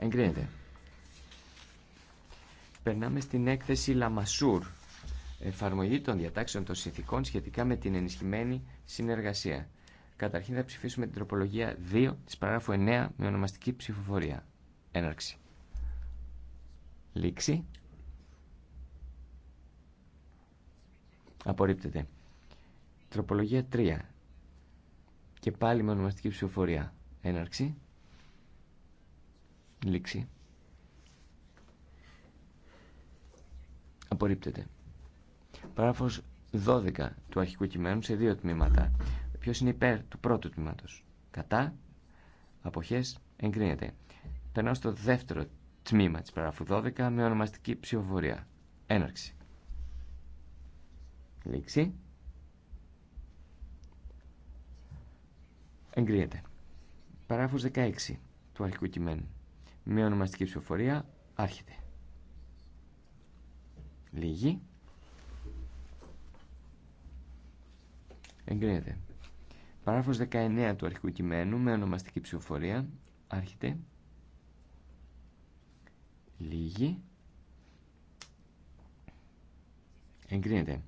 Εγκρίνεται. Περνάμε στην έκθεση Λαμασούρ. Εφαρμογή των διατάξεων των συνθηκών σχετικά με την ενισχυμένη συνεργασία. Καταρχήν θα ψηφίσουμε την τροπολογία 2 της παράγραφου 9 με ονομαστική ψηφοφορία. Έναρξη. Λήξη. Απορρίπτεται. Τροπολογία 3. Και πάλι με ονομαστική ψηφοφορία. Έναρξη. Λήξη. Απορρίπτεται. Παράγραφος 12 του αρχικού κειμένου σε δύο τμήματα. Ποιο είναι υπέρ του πρώτου τμήματος. Κατά. Αποχές. Εγκρίνεται. Περνάω στο δεύτερο τμήμα της παράφου 12 με ονομαστική ψηφοφορία. Έναρξη. Λήξη. Εγκρίνεται. Παράγραφος 16 του αρχικού κειμένου. Μια ονομαστική ψηφοφορία άρχεται. Λίγη. Εγκρίνεται. Παράγραφος 19 του αρχικού κειμένου με ονομαστική ψηφοφορία άρχεται. Λίγη. Εγκρίνεται.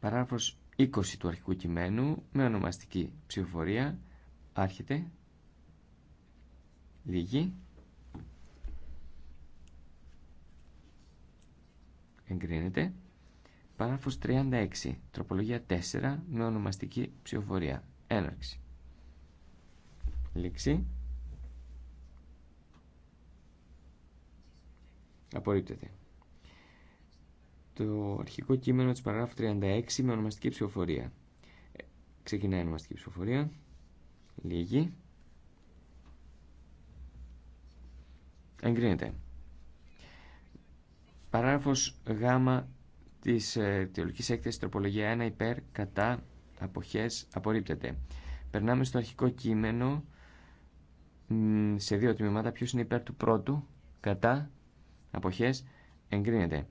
Παράγραφος 20 του αρχικού κειμένου με ονομαστική ψηφοφορία άρχεται. Λίγη. Εγκρίνεται. Παράγραφος 36. Τροπολογία 4 με ονομαστική ψηφοφορία. Έναρξη. Λήξη. Απορρίπτεται. Το αρχικό κείμενο της παραγράφου 36 με ονομαστική ψηφοφορία. Ε, ξεκινάει η ονομαστική ψηφοφορία. Λίγη. Εγκρίνεται. Παράγραφος Γ της ε, τελικής έκθεσης τροπολογία 1 υπέρ κατά αποχές απορρίπτεται. Περνάμε στο αρχικό κείμενο σε δύο τμήματα. Ποιος είναι υπέρ του πρώτου κατά αποχές εγκρίνεται.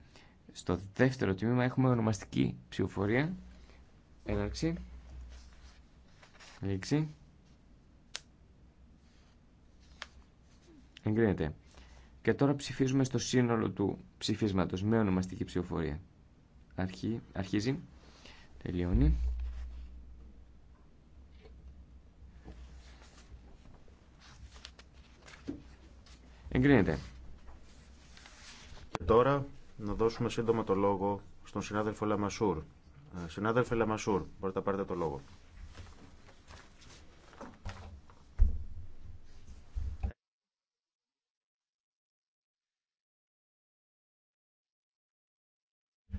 Στο δεύτερο τμήμα έχουμε ονομαστική ψηφοφορία. Έναρξη. Λήξη. Εγκρίνεται. Και τώρα ψηφίζουμε στο σύνολο του ψηφίσματος με ονομαστική ψηφοφορία. Αρχί, αρχίζει, τελειώνει. Εγκρίνεται. Και τώρα να δώσουμε σύντομα το λόγο στον συνάδελφο Λαμασούρ. Ε, συνάδελφε Λαμασούρ, μπορείτε να πάρετε το λόγο.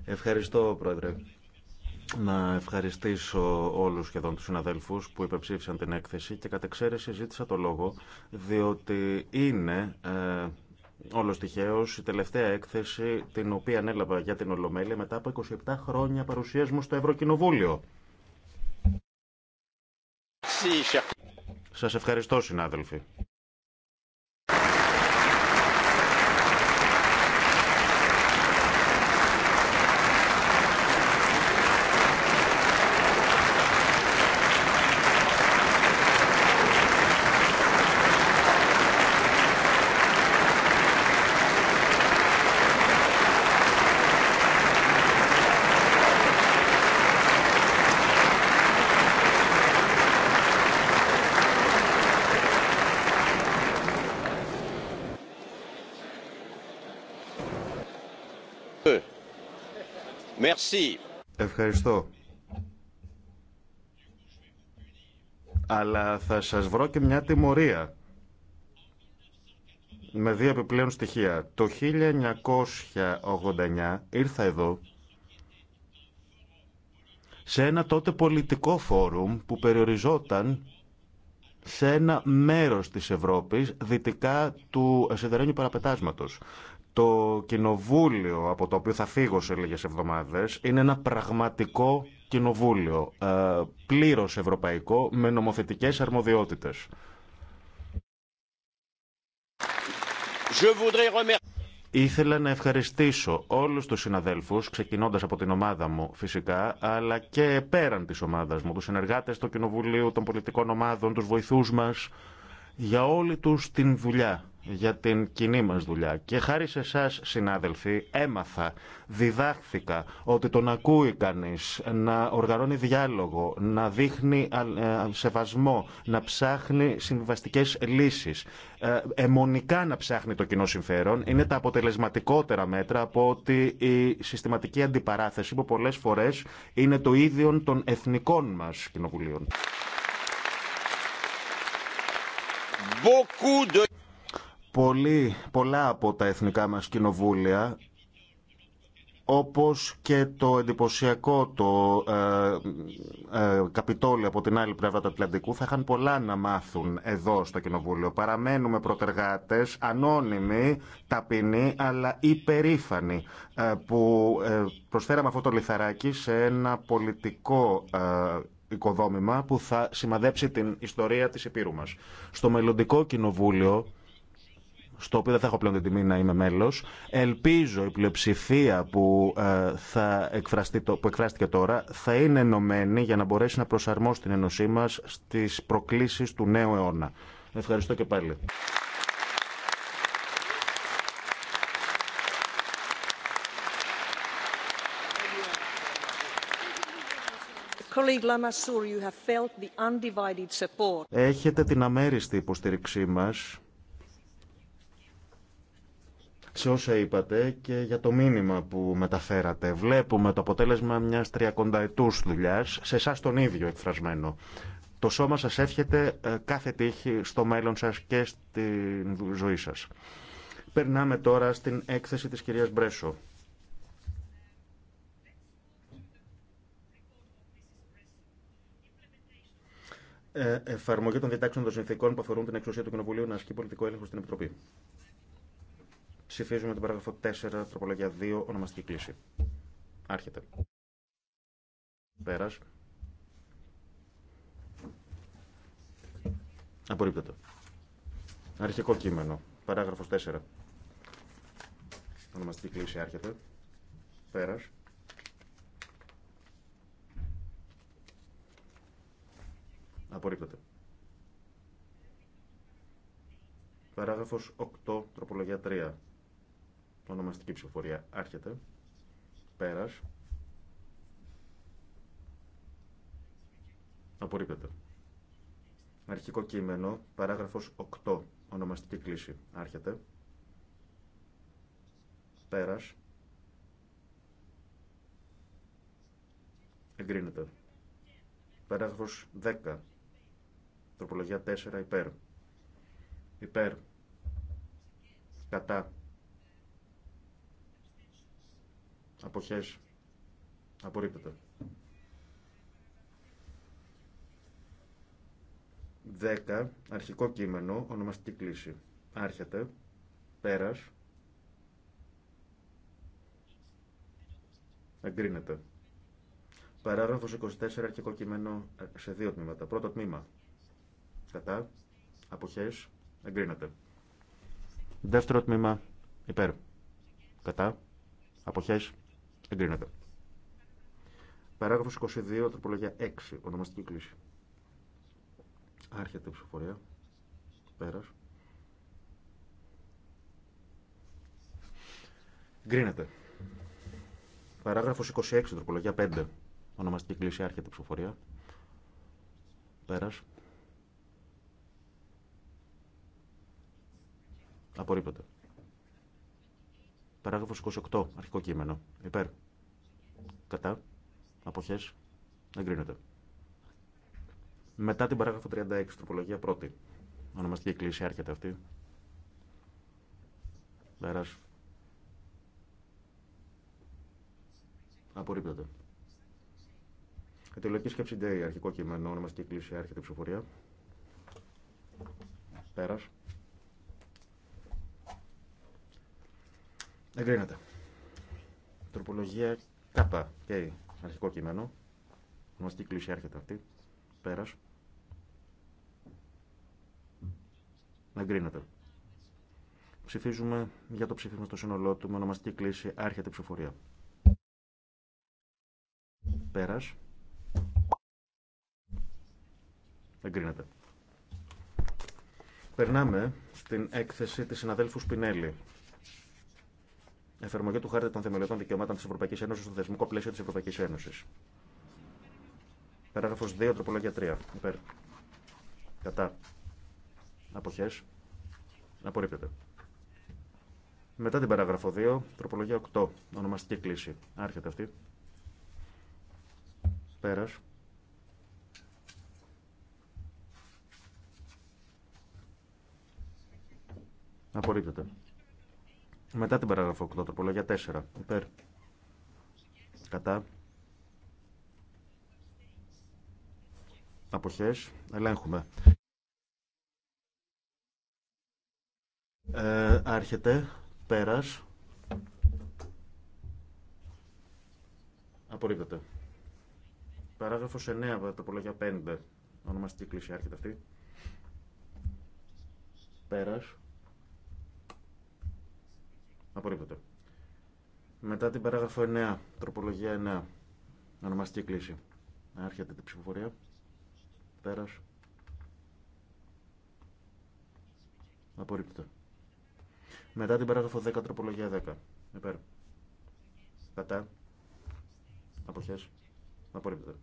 Ευχαριστώ, Πρόεδρε. Να ευχαριστήσω όλους σχεδόν τους συναδέλφους που υπεψήφισαν την έκθεση και κατ' εξαίρεση ζήτησα το λόγο, διότι είναι... Ε, Όλο τυχαίω, η τελευταία έκθεση την οποία ανέλαβα για την Ολομέλεια μετά από 27 χρόνια παρουσίας στο Ευρωκοινοβούλιο. Σας ευχαριστώ συνάδελφοι. Ευχαριστώ. Αλλά θα σας βρω και μια τιμωρία. Με δύο επιπλέον στοιχεία. Το 1989 ήρθα εδώ σε ένα τότε πολιτικό φόρουμ που περιοριζόταν σε ένα μέρος της Ευρώπης δυτικά του σιδερένιου παραπετάσματος. Το κοινοβούλιο από το οποίο θα φύγω σε λίγες εβδομάδες είναι ένα πραγματικό κοινοβούλιο, ε, πλήρως ευρωπαϊκό, με νομοθετικές αρμοδιότητες. Ήθελα να ευχαριστήσω όλους τους συναδέλφους, ξεκινώντας από την ομάδα μου φυσικά, αλλά και πέραν της ομάδας μου, τους συνεργάτες του Κοινοβουλίου, των πολιτικών ομάδων, τους βοηθούς μας, για όλη τους την δουλειά για την κοινή μας δουλειά. Και χάρη σε εσά, συνάδελφοι, έμαθα, διδάχθηκα ότι τον ακούει κανείς, να οργανώνει διάλογο, να δείχνει ε, σεβασμό, να ψάχνει συμβαστικές λύσεις, ε, αιμονικά να ψάχνει το κοινό συμφέρον, είναι τα αποτελεσματικότερα μέτρα από ότι η συστηματική αντιπαράθεση που πολλές φορές είναι το ίδιο των εθνικών μας κοινοβουλίων. Πολύ, πολλά από τα εθνικά μας κοινοβούλια όπως και το εντυπωσιακό το ε, ε, Καπιτόλιο από την άλλη πλευρά του Ατλαντικού θα είχαν πολλά να μάθουν εδώ στο Κοινοβούλιο. Παραμένουμε προτεργάτες, ανώνυμοι, ταπεινοί αλλά υπερήφανοι ε, που προσφέραμε αυτό το λιθαράκι σε ένα πολιτικό οικοδόμημα που θα σημαδέψει την ιστορία της Επίρου μας. Στο μελλοντικό Κοινοβούλιο στο οποίο δεν θα έχω πλέον την τιμή να είμαι μέλο. Ελπίζω η πλειοψηφία που, ε, θα εκφραστεί, που εκφράστηκε τώρα θα είναι ενωμένη για να μπορέσει να προσαρμόσει την ενωσή μα στι προκλήσει του νέου αιώνα. Ευχαριστώ και πάλι. Έχετε την αμέριστη υποστήριξή μας σε όσα είπατε και για το μήνυμα που μεταφέρατε. Βλέπουμε το αποτέλεσμα μιας τριακονταετού δουλειάς, σε εσά τον ίδιο εκφρασμένο. Το σώμα σας εύχεται ε, κάθε τύχη στο μέλλον σας και στη ζωή σας. Περνάμε τώρα στην έκθεση της κυρίας Μπρέσο. Ε, εφαρμογή των διτάξεων των συνθήκων που αφορούν την εξουσία του Κοινοβουλίου να ασκεί πολιτικό έλεγχο στην Επιτροπή. Ψηφίζουμε το παράγραφο 4, τροπολογία 2, ονομαστική κλίση. Άρχεται. Πέρας. Απορρίπτεται. Αρχικό κείμενο. Παράγραφος 4. Ονομαστική κλίση άρχεται. Πέρας. Απορρίπτεται. Παράγραφος 8, τροπολογία 3. Ονομαστική ψηφοφορία άρχεται. Πέρας. Απορρίπτεται. Αρχικό κείμενο, παράγραφος 8, ονομαστική κλίση, άρχεται. Πέρας. Εγκρίνεται. Παράγραφος 10, τροπολογία 4, υπέρ. Υπέρ. Κατά. Αποχές. Απορρίπτεται. 10. Αρχικό κείμενο. Ονομαστική κλίση. Άρχεται. Πέρας. Εγκρίνεται. Παράγραφος 24. Αρχικό κείμενο ε, σε δύο τμήματα. Πρώτο τμήμα. Κατά. Αποχές. Εγκρίνεται. Δεύτερο τμήμα. Υπέρ. Κατά. Αποχές. Εγκρίνεται. Παράγραφος 22, τροπολογία 6, ονομαστική κλίση. Άρχεται η ψηφοφορία. Πέρας. Εγκρίνεται. Παράγραφος 26, τροπολογία 5, ονομαστική κλίση. Άρχεται η ψηφοφορία. Πέρας. Απορρίπτεται. Παράγραφος 28, αρχικό κείμενο. Υπέρ. Κατά. Αποχές. Εγκρίνεται. Μετά την παράγραφο 36, τροπολογία πρώτη. Ονομαστική εκκλησία άρχεται αυτή. Πέρας. Απορρίπτεται. Εταιρεολογική σκέψη D, αρχικό κείμενο, ονομαστική εκκλησία έρχεται η ψηφοφορία. Πέρας. Εγκρίνεται. Τροπολογία Κ. Και αρχικό κείμενο. Γνωστή κλίση άρχεται αυτή. Πέρας. Εγκρίνεται. Ψηφίζουμε για το ψήφισμα στο σύνολό του με ονομαστική κλίση άρχεται ψηφορία. Πέρα. Εγκρίνεται. Περνάμε στην έκθεση της συναδέλφου Σπινέλη. Εφαρμογή του Χάρτη των Θεμελιωτών Δικαιωμάτων τη Ευρωπαϊκή Ένωση στο θεσμικό πλαίσιο τη Ευρωπαϊκή Ένωση. Παράγραφο 2, τροπολογία 3. Υπέρ. Κατά. Αποχέ. Απορρίπτεται. Μετά την παράγραφο 2, τροπολογία 8. Ονομαστική κλίση. Άρχεται αυτή. Πέρα. Απορρίπτεται. Μετά την παράγραφο 8, τροπολογία 4. Υπέρ. Κατά. Αποχές. Ελέγχουμε. Ε, άρχεται. Πέρας. Απορρίπτεται. Παράγραφος 9, τροπολογία 5. Ονομαστική κλίση άρχεται αυτή. Πέρας. Απορρίπτεται. Μετά την παράγραφο 9, τροπολογία 9, ονομαστική κλίση. Άρχεται η ψηφοφορία. Πέρας. Απορρίπτεται. Μετά την παράγραφο 10, τροπολογία 10. Επέρα. Κατά. Αποχές. Απορρίπτεται.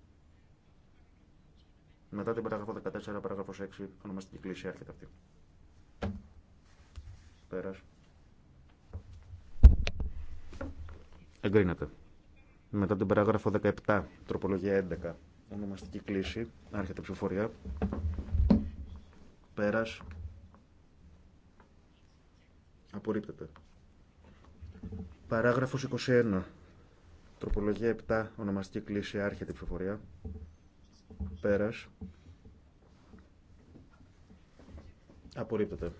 Μετά την παράγραφο 14, παράγραφος 6, ονομαστική κλίση. Άρχεται αυτή. Πέρας. Εγκρίνεται. Μετά την παράγραφο 17, τροπολογία 11, ονομαστική κλίση, άρχεται ψηφοφορία. Πέρας. Απορρίπτεται. Παράγραφος 21. Τροπολογία 7, ονομαστική κλίση, άρχεται ψηφοφορία. Πέρας. Απορρίπτεται.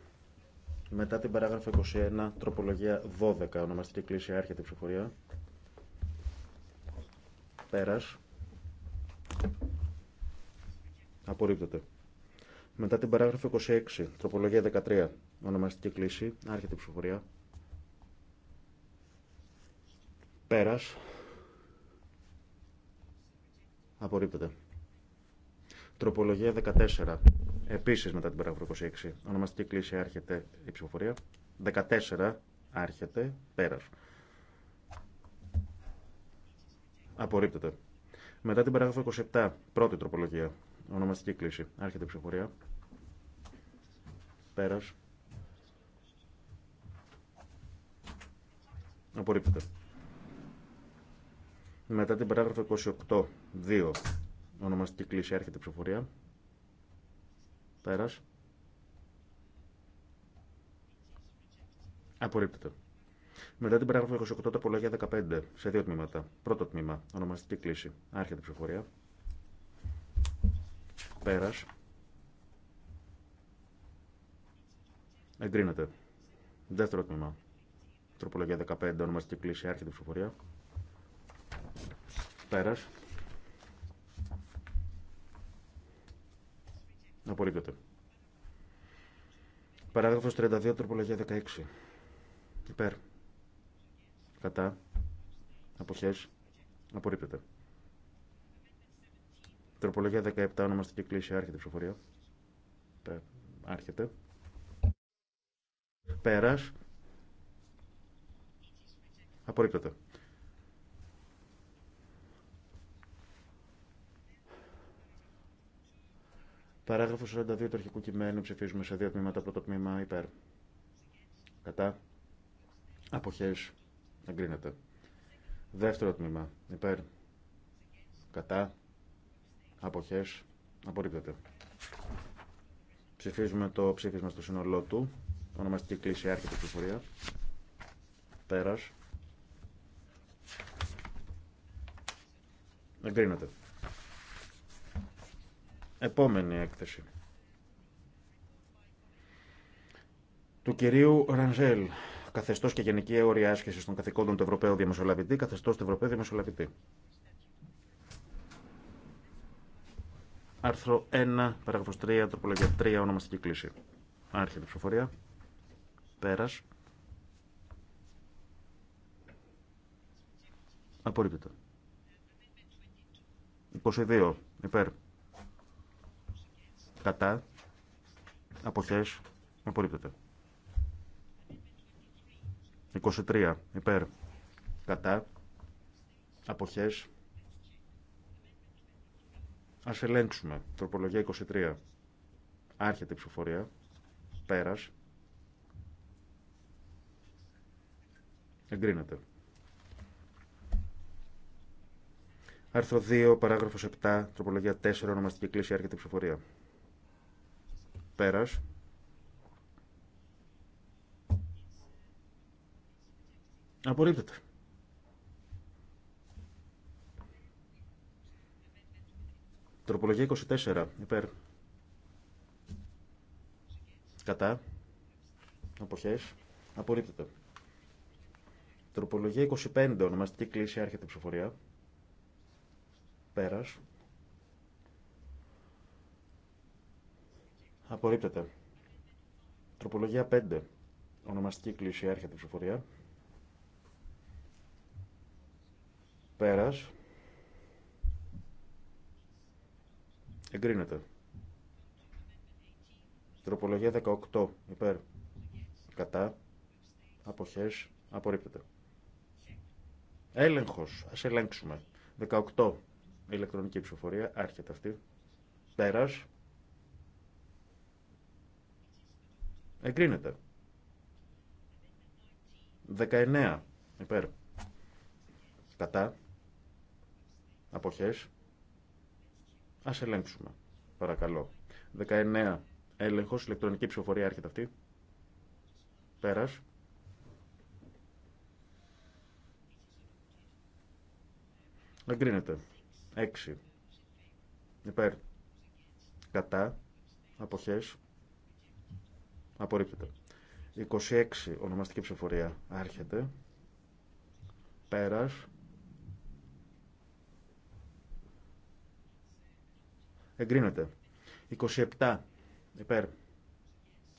Μετά την παράγραφο 21, τροπολογία 12, ονομαστική κλίση, άρχεται ψηφοφορία. Πέρας. Απορρίπτεται. Μετά την παράγραφο 26, τροπολογία 13, ονομαστική κλίση, άρχεται η ψηφοφορία. Πέρας. Απορρίπτεται. Τροπολογία 14. Επίση μετά την παράγραφο 26. Ονομαστική κλίση άρχεται η ψηφοφορία. 14 άρχεται πέρας. Απορρίπτεται. Μετά την παράγραφο 27, πρώτη τροπολογία, ονομαστική κλίση. Άρχεται η ψηφοφορία. Πέρας. Απορρίπτεται. Μετά την παράγραφο 28, 2, ονομαστική κλίση. Άρχεται η ψηφοφορία. Πέρας. Απορρίπτεται. Μετά την παράγραφο 28, τροπολογία 15, σε δύο τμήματα. Πρώτο τμήμα, ονομαστική κλίση. Άρχεται η ψηφοφορία. Πέρας. Εγκρίνεται. Δεύτερο τμήμα. Τροπολογία 15, ονομαστική κλίση. Άρχεται η ψηφοφορία. Πέρας. Απολύτωται. Παράγραφος 32, τροπολογία 16. Υπέρ. Κατά. Αποχές. Απορρίπτεται. Τροπολογία 17 ονομαστική κλίση. Άρχεται η ψηφοφορία. Άρχεται. Πέρας. Απορρίπτεται. Παράγραφος 42 του αρχικού κειμένου ψηφίζουμε σε δύο τμήματα. Πρώτο τμήμα υπέρ. Κατά. Αποχές. Εγκρίνεται. Δεύτερο τμήμα. Υπέρ. Κατά. Αποχές. Απορρίπτεται. Ψηφίζουμε το ψήφισμα στο σύνολό του. Ονομαστική κλίση άρχεται ψηφορία. Πέρας. Εγκρίνεται. Επόμενη έκθεση. Του κυρίου Ρανζέλ καθεστώ και γενική όρια άσκηση των καθηκόντων του Ευρωπαίου Διαμεσολαβητή, καθεστώ του Ευρωπαίου Διαμεσολαβητή. Άρθρο 1, παράγραφος 3, τροπολογία 3, ονομαστική κλίση. Άρχεται ψηφοφορία. Πέρας. Απορρίπτεται. 22, υπέρ. Κατά. Αποχές. Απορρίπτεται. 23 υπέρ κατά αποχές ας ελέγξουμε τροπολογία 23 άρχεται η ψηφοφορία πέρας εγκρίνεται Άρθρο 2, παράγραφος 7, τροπολογία 4, ονομαστική κλίση, άρχεται η ψηφοφορία. Πέρας. Απορρίπτεται. Τροπολογία 24. Υπέρ. Κατά. Αποχές. Απορρίπτεται. Τροπολογία 25. Ονομαστική κλίση. Άρχεται η ψηφοφορία. Πέρας. Απορρίπτεται. Τροπολογία 5. Ονομαστική κλίση. Άρχεται ψηφοφορία. Πέρας. Εγκρίνεται. Τροπολογία 18. Υπέρ. Κατά. Αποχές. Απορρίπτεται. Έλεγχος. Ας ελέγξουμε. 18. Ηλεκτρονική ψηφοφορία. Άρχεται αυτή. Πέρας. Εγκρίνεται. 19. Υπέρ. Κατά. Αποχές. Ας ελέγξουμε. Παρακαλώ. 19. Έλεγχος. Ηλεκτρονική ψηφοφορία έρχεται αυτή. Πέρας. Εγκρίνεται. 6. Υπέρ. Κατά. Αποχές. Απορρίπτεται. 26. Ονομαστική ψηφοφορία. Άρχεται. Πέρας. Εγκρίνεται. 27 υπέρ.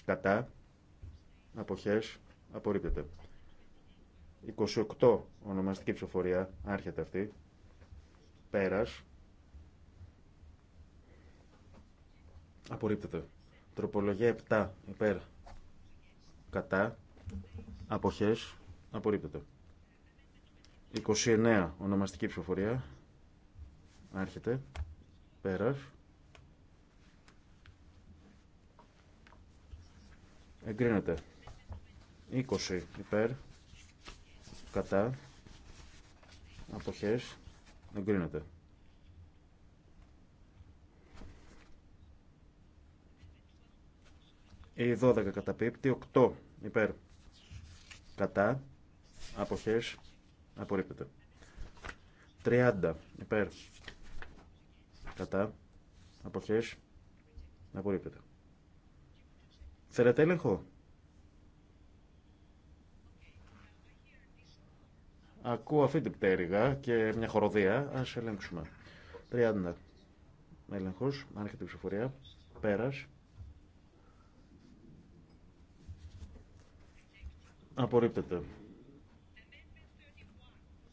Κατά. Αποχές. Απορρίπτεται. 28 ονομαστική ψηφοφορία. Άρχεται αυτή. Πέρας. Απορρίπτεται. Τροπολογία 7 υπέρ. Κατά. Αποχές. Απορρίπτεται. 29 ονομαστική ψηφοφορία. Άρχεται. Πέρας. Εγκρίνεται. 20 υπέρ. Κατά. Αποχές. Εγκρίνεται. 12 καταπίπτει. 8 υπέρ. Κατά. Αποχές. Απορρίπτεται. 30 υπέρ. Κατά. Αποχές. Απορρίπτεται. Θέλετε έλεγχο. Ακούω αυτή την πτέρυγα και μια χοροδία. Ας ελέγξουμε. 30. Έλεγχος. Άρχεται η ψηφορία. Πέρας. Απορρίπτεται.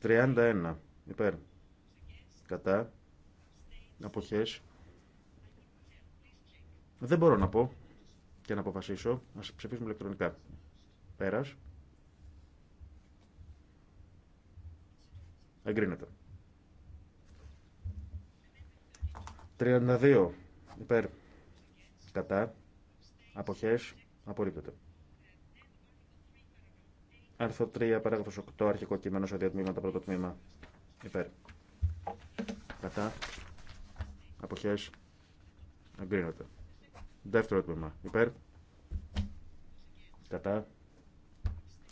31. Υπέρ. Κατά. Αποχές. Δεν μπορώ να πω και να αποφασίσω. Να ψηφίσουμε ηλεκτρονικά. Πέρας. Εγκρίνεται. 32 υπέρ κατά αποχές απορρίπτεται. Άρθρο 3, παράγραφος 8, αρχικό κείμενο σε δύο τμήματα, πρώτο τμήμα υπέρ κατά αποχές εγκρίνεται. Δεύτερο τμήμα. Υπέρ. Κατά.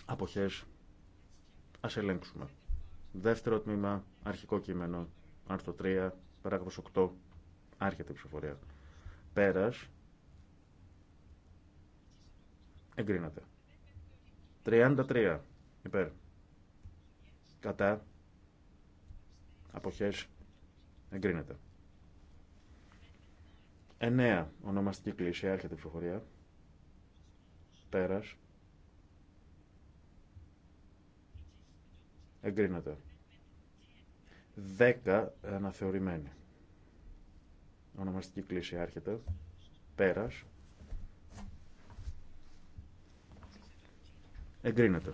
Αποχές. Ας ελέγξουμε. Δεύτερο τμήμα. Αρχικό κείμενο. Άρθρο 3. Παράγραφος 8. Άρχεται η ψηφοφορία. Πέρας. Εγκρίνεται. 33. Υπέρ. Κατά. Αποχές. Εγκρίνεται. 9. Ονομαστική κλίση. Άρχεται η ψηφοφορία. Πέρας. Εγκρίνεται. 10. Αναθεωρημένη. Ονομαστική κλίση. Άρχεται. Πέρας. Εγκρίνεται.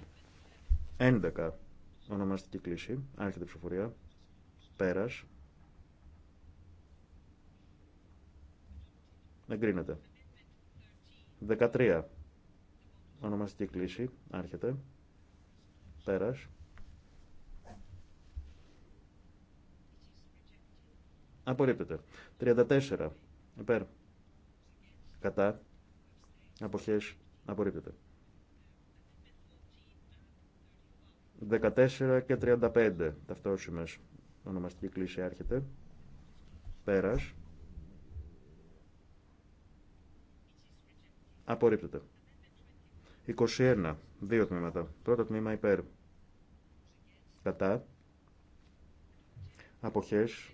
11. Ονομαστική κλίση. Άρχεται η ψηφοφορία. Πέρας. Εγκρίνεται. 13. Ονομαστική κλίση. Άρχεται. Πέρας. Απορρίπτεται. 34. Υπέρ. Κατά. Αποχές. Απορρίπτεται. 14 και 35. Ταυτόσιμες. Ονομαστική κλίση άρχεται. Πέρας. Απορρίπτεται. 21. Δύο τμήματα. Πρώτο τμήμα υπέρ. Κατά. Αποχές.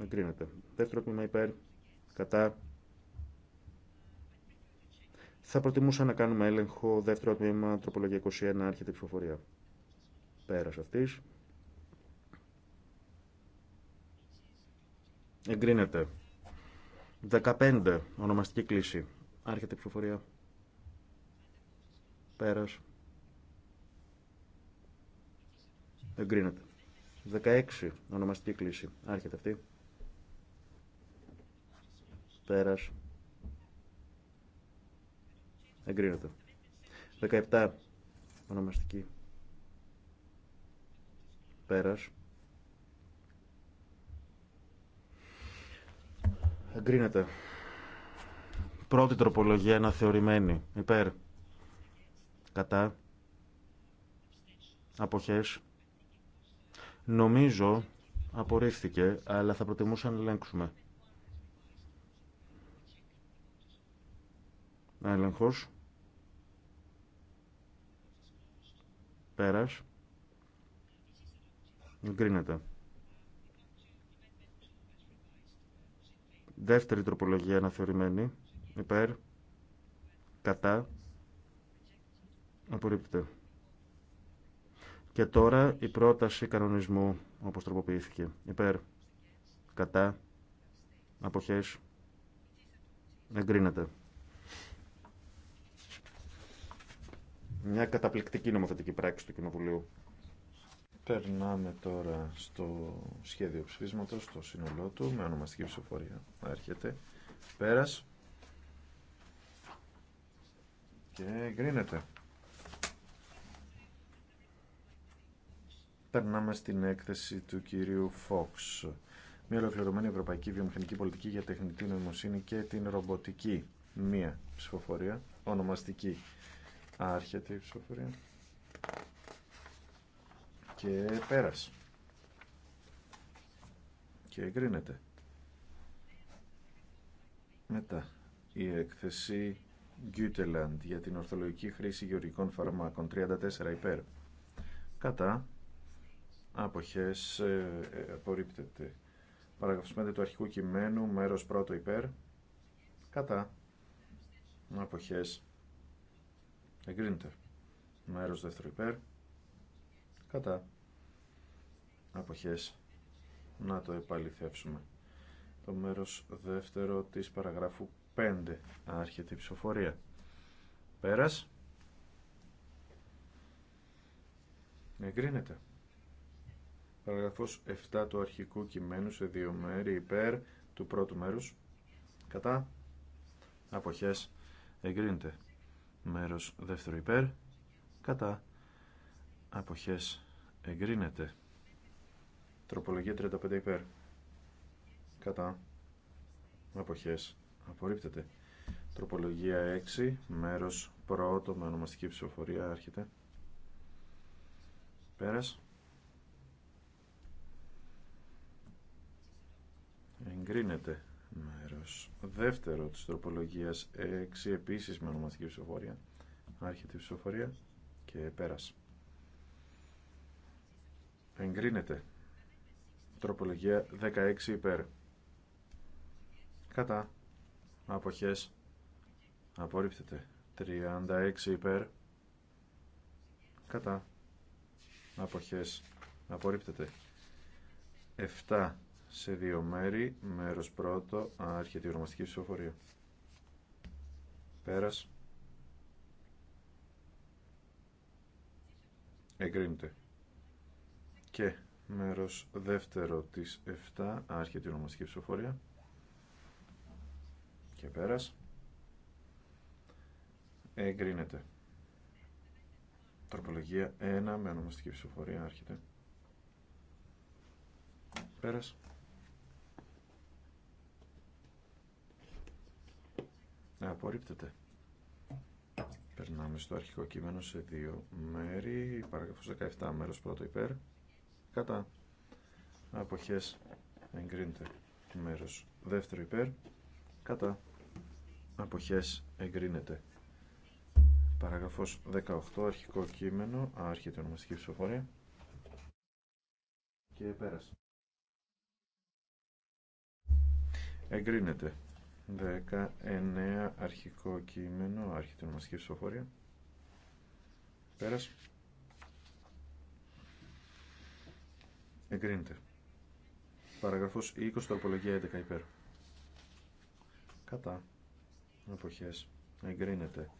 Εγκρίνεται. Δεύτερο τμήμα υπέρ. Κατά. Θα προτιμούσα να κάνουμε έλεγχο δεύτερο τμήμα τροπολογία 21 άρχεται η ψηφοφορία. Πέρας αυτής. Εγκρίνεται. 15. Ονομαστική κλίση. Άρχεται η ψηφοφορία. Πέρας. Εγκρίνεται. 16. Ονομαστική κλίση. Άρχεται αυτή. Πέρας. Εγκρίνεται. 17. Ονομαστική. Πέρα. Εγκρίνεται. Πρώτη τροπολογία αναθεωρημένη. Υπέρ. Κατά. Αποχές. Νομίζω απορρίφθηκε, αλλά θα προτιμούσα να ελέγξουμε. Έλεγχος. Πέρας. Εγκρίνεται. Δεύτερη τροπολογία αναθεωρημένη υπέρ, κατά, απορρίπτεται. Και τώρα η πρόταση κανονισμού όπως τροποποιήθηκε. Υπέρ, κατά, αποχές, εγκρίνεται. Μια καταπληκτική νομοθετική πράξη του Κοινοβουλίου. Περνάμε τώρα στο σχέδιο ψηφίσματος, στο σύνολό του, με ονομαστική ψηφοφορία. Έρχεται. Πέρας και εγκρίνεται. Περνάμε στην έκθεση του κυρίου Φόξ. Μια ολοκληρωμένη ευρωπαϊκή βιομηχανική πολιτική για τεχνητή νοημοσύνη και την ρομποτική. Μία ψηφοφορία, ονομαστική. Άρχεται η ψηφοφορία. Και πέρασε. Και εγκρίνεται. Μετά η έκθεση Γκιούτελαντ για την ορθολογική χρήση γεωργικών φαρμάκων 34 υπέρ κατά αποχές ε, ε απορρίπτεται παράγραφος 5 του αρχικού κειμένου μέρος πρώτο υπέρ κατά αποχές εγκρίνεται μέρος δεύτερο υπέρ κατά αποχές να το επαληθεύσουμε το μέρος δεύτερο της παραγράφου 5. Άρχεται η ψηφοφορία. Πέρας. Εγκρίνεται. Παραγραφός 7 του αρχικού κειμένου σε δύο μέρη υπέρ του πρώτου μέρους. Κατά. Αποχές. Εγκρίνεται. Μέρος δεύτερο υπέρ. Κατά. Αποχές. Εγκρίνεται. Τροπολογία 35 υπέρ. Κατά. Αποχές απορρίπτεται. Τροπολογία 6, μέρος πρώτο με ονομαστική ψηφοφορία, άρχεται. Πέρας. Εγκρίνεται μέρος δεύτερο της τροπολογίας 6, επίσης με ονομαστική ψηφοφορία, άρχεται η ψηφοφορία και πέρας. Εγκρίνεται. Τροπολογία 16 υπέρ. Κατά αποχές απορρίπτεται 36 υπέρ κατά αποχές απορρίπτεται 7 σε δύο μέρη μέρος πρώτο άρχεται η ονομαστική ψηφοφορία πέρας εγκρίνεται και μέρος δεύτερο της 7 άρχεται η ονομαστική ψηφοφορία και πέρας εγκρίνεται τροπολογία 1 με ονομαστική ψηφοφορία άρχεται πέρας ναι, απορρίπτεται περνάμε στο αρχικό κείμενο σε δύο μέρη παραγραφός 17 μέρος πρώτο υπέρ κατά αποχές εγκρίνεται μέρος δεύτερο υπέρ κατά αποχές εγκρίνεται. Παραγραφός 18, αρχικό κείμενο, άρχεται ονομαστική ψηφοφορία και πέρασε. Εγκρίνεται. 19, αρχικό κείμενο, άρχεται ονομαστική ψηφοφορία. Πέρασε. Εγκρίνεται. Παραγραφός 20, τροπολογία 11 υπέρ. Κατά εποχές εγκρίνεται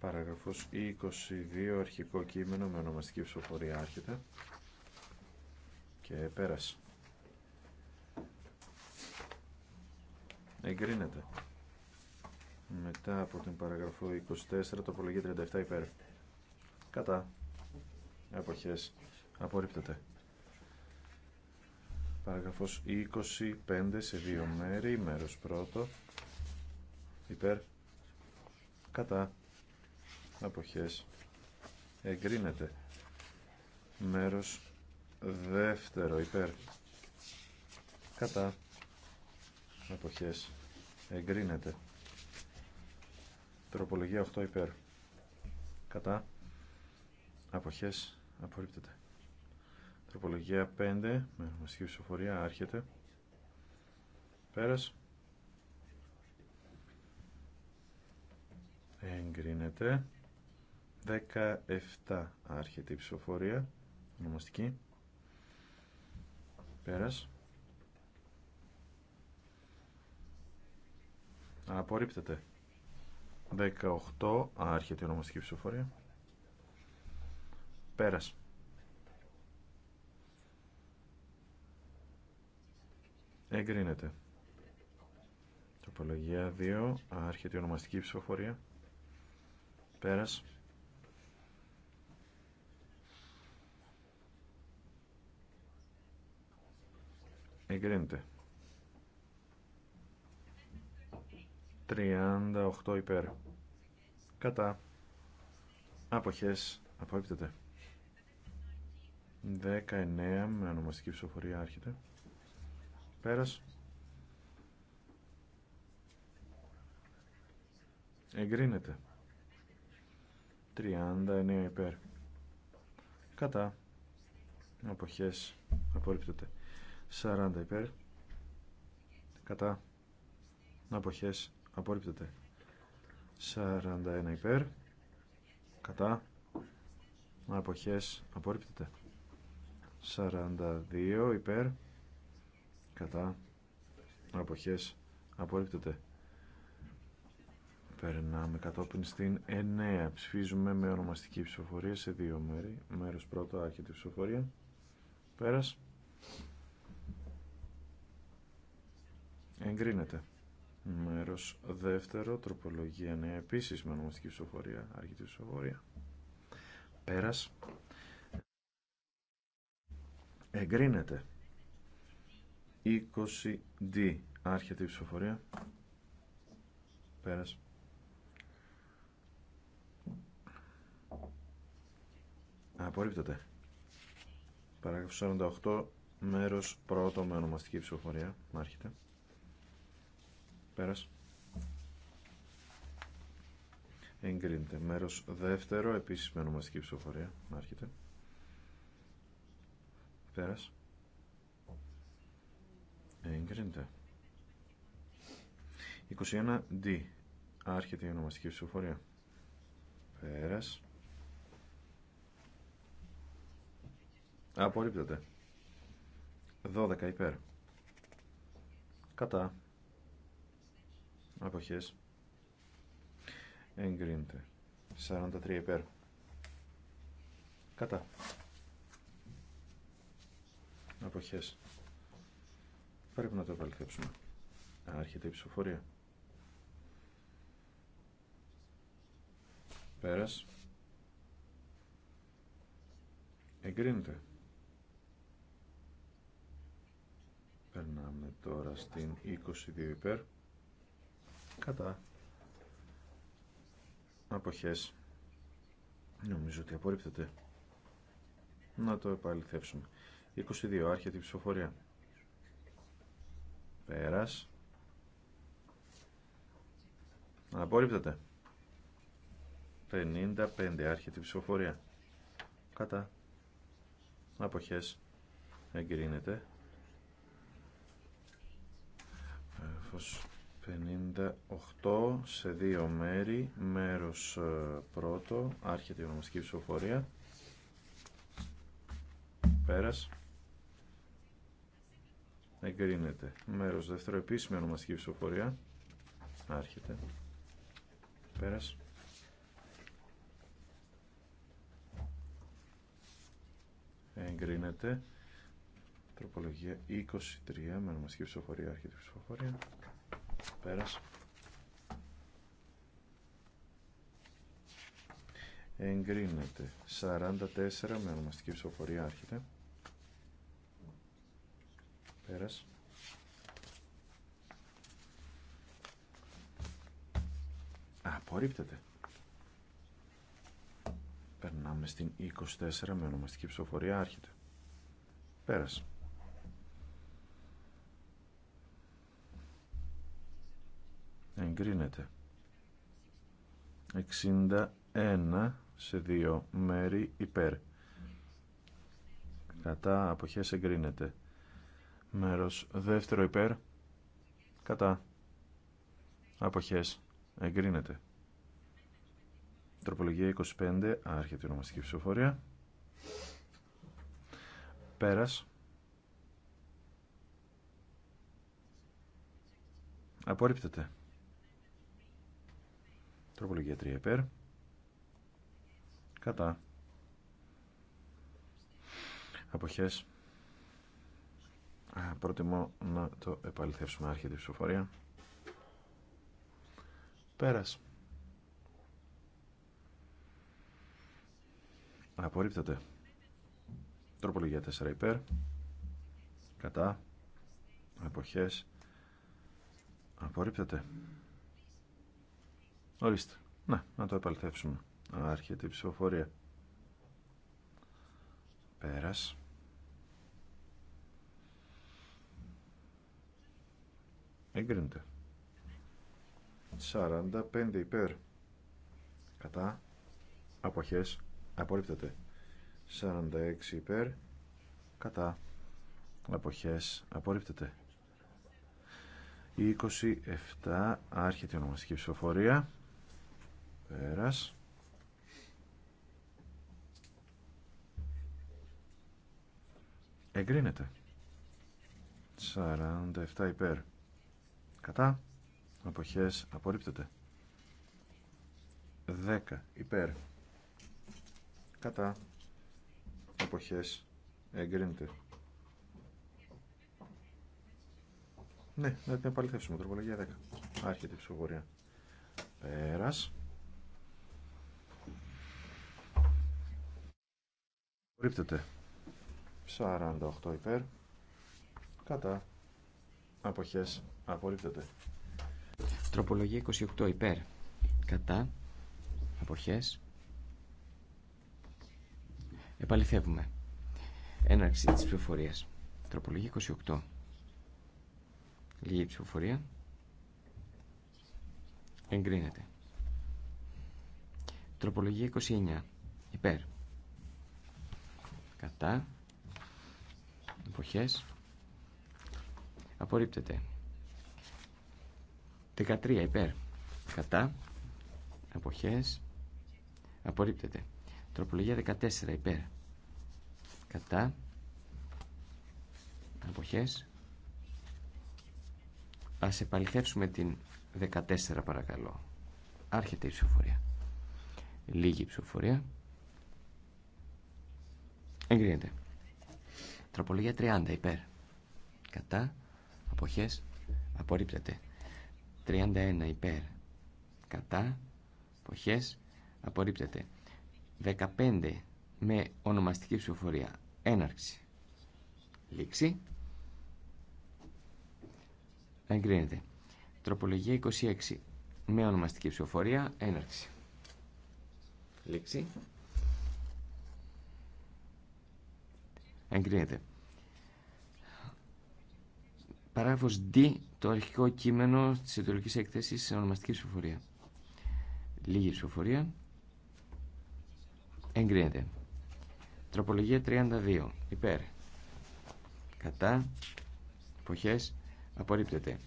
παράγραφος 22 αρχικό κείμενο με ονομαστική ψηφοφορία άρχεται και πέρασε εγκρίνεται μετά από την παραγραφό 24 το τοπολογία 37 υπέρ κατά εποχές απορρίπτεται παραγραφός 25 σε δύο μέρη μέρος πρώτο υπέρ κατά αποχές εγκρίνεται μέρος δεύτερο υπέρ κατά αποχές εγκρίνεται τροπολογία 8 υπέρ κατά αποχές απορρίπτεται τροπολογία 5 με μασική ψηφοφορία άρχεται πέρας εγκρίνεται 17 άρχεται η ψηφοφορία ονομαστική πέρας απορρίπτεται 18 άρχεται η ονομαστική ψηφοφορία πέρας εγκρίνεται Τοπολογία 2 άρχεται η ονομαστική ψηφοφορία Πέρας. Εγκρίνεται. 38 υπέρ. Κατά. Αποχές. Απορρίπτεται. 19 με ονομαστική ψηφοφορία άρχεται. Πέρας. Εγκρίνεται. 39 υπέρ κατά αποχές απορρίπτεται 40 υπέρ κατά αποχές απορρίπτεται 41 υπέρ κατά αποχές απορρίπτεται 42 υπέρ κατά αποχές απορρίπτεται Περνάμε κατόπιν στην 9. Ψηφίζουμε με ονομαστική ψηφοφορία σε δύο μέρη. Μέρος πρώτο άρχεται ψηφοφορία. Πέρας. Εγκρίνεται. Μέρος δεύτερο, τροπολογία 9, επίσης με ονομαστική ψηφοφορία, άρχιτη ψηφοφορία. Πέρας. Εγκρίνεται. 20D, άρχεται η ψηφοφορία. Πέρας. Απορρίπτεται. Παράγραφος 48, μέρος πρώτο με ονομαστική ψηφοφορία. Μάρχεται. Πέρας. Εγκρίνεται. Μέρος δεύτερο, επίσης με ονομαστική ψηφοφορία. Μάρχεται. Πέρας. Εγκρίνεται. 21D. Άρχεται η ονομαστική ψηφοφορία. Πέρας. Απορρίπτεται. 12 υπέρ. Κατά. Αποχές. Εγκρίνεται. 43 υπέρ. Κατά. Αποχές. Πρέπει να το επαληθεύσουμε. Άρχεται η ψηφοφορία. Πέρας. Εγκρίνεται. Περνάμε τώρα στην 22 υπέρ. Κατά. Αποχές. Νομίζω ότι απορρίπτεται. Να το επαληθεύσουμε. 22. Άρχεται η ψηφοφορία. Πέρας. Απορρίπτεται. 55. Άρχεται η ψηφοφορία. Κατά. Αποχές. Εγκρίνεται. Παράγραφος 58 σε δύο μέρη. Μέρος ε, πρώτο. Άρχεται η ονομαστική ψηφοφορία. Πέρας. Εγκρίνεται. Μέρος δεύτερο. Επίσημη ονομαστική ψηφοφορία. Άρχεται. Πέρας. Εγκρίνεται. Τροπολογία 23 με ονομαστική ψηφοφορία. Άρχεται ψηφοφορία. Πέρας. Εγκρίνεται. 44 με ονομαστική ψηφοφορία άρχεται. Πέρας. Απορρίπτεται. Περνάμε στην 24 με ονομαστική ψηφοφορία άρχεται. Πέρας. εγκρίνεται. 61 σε δύο μέρη υπέρ. Κατά αποχές εγκρίνεται. Μέρος δεύτερο υπέρ. Κατά αποχές εγκρίνεται. Τροπολογία 25, άρχεται η ονομαστική ψηφοφορία. Πέρας. Απορρίπτεται. Τροπολογία 3 υπέρ. Κατά. Αποχές. Προτιμώ να το επαληθεύσουμε άρχεται η ψηφοφορία. Πέρας. Απορρίπτεται. Τροπολογία 4 υπέρ. Κατά. Αποχές. Απορρίπτεται. Ορίστε. Να, να το επαληθεύσουμε. Άρχεται η ψηφοφορία. Πέρας. Εγκρίνεται. 45 υπέρ. Κατά. Αποχές. Απορρίπτεται. 46 υπέρ. Κατά. Αποχές. Απορρίπτεται. 27 άρχεται η ονομαστική ψηφοφορία. Πέρας. Εγκρίνεται. 47 υπέρ. Κατά. Αποχές απορρίπτεται. 10 υπέρ. Κατά. Αποχές εγκρίνεται. Ναι, να την επαληθεύσουμε. Τροπολογία 10. Άρχεται η ψηφοφορία. Πέρας. Απορρίπτεται. 48 υπέρ. Κατά. Αποχές. Απορρίπτεται. Τροπολογία 28 υπέρ. Κατά. Αποχές. Επαληθεύουμε. Έναρξη της ψηφοφορίας. Τροπολογία 28. Λίγη ψηφοφορία. Εγκρίνεται. Τροπολογία 29. Υπέρ κατά εποχές απορρίπτεται 13 υπέρ κατά εποχές απορρίπτεται τροπολογία 14 υπέρ κατά εποχές ας επαληθεύσουμε την 14 παρακαλώ άρχεται η ψηφοφορία λίγη ψηφοφορία Εγκρίνεται. Τροπολογία 30 υπέρ. Κατά. Αποχές. Απορρίπτεται. 31 υπέρ. Κατά. Αποχές. Απορρίπτεται. 15 με ονομαστική ψηφοφορία. Έναρξη. Λήξη. Εγκρίνεται. Τροπολογία 26 με ονομαστική ψηφοφορία. Έναρξη. Λήξη. Εγκρίνεται. Παράγραφο D, το αρχικό κείμενο τη ιδεολογικής έκθεση σε ονομαστική ψηφοφορία. Λίγη ψηφοφορία. Εγκρίνεται. Τροπολογία 32. Υπέρ. Κατά. εποχέ. Απορρίπτεται.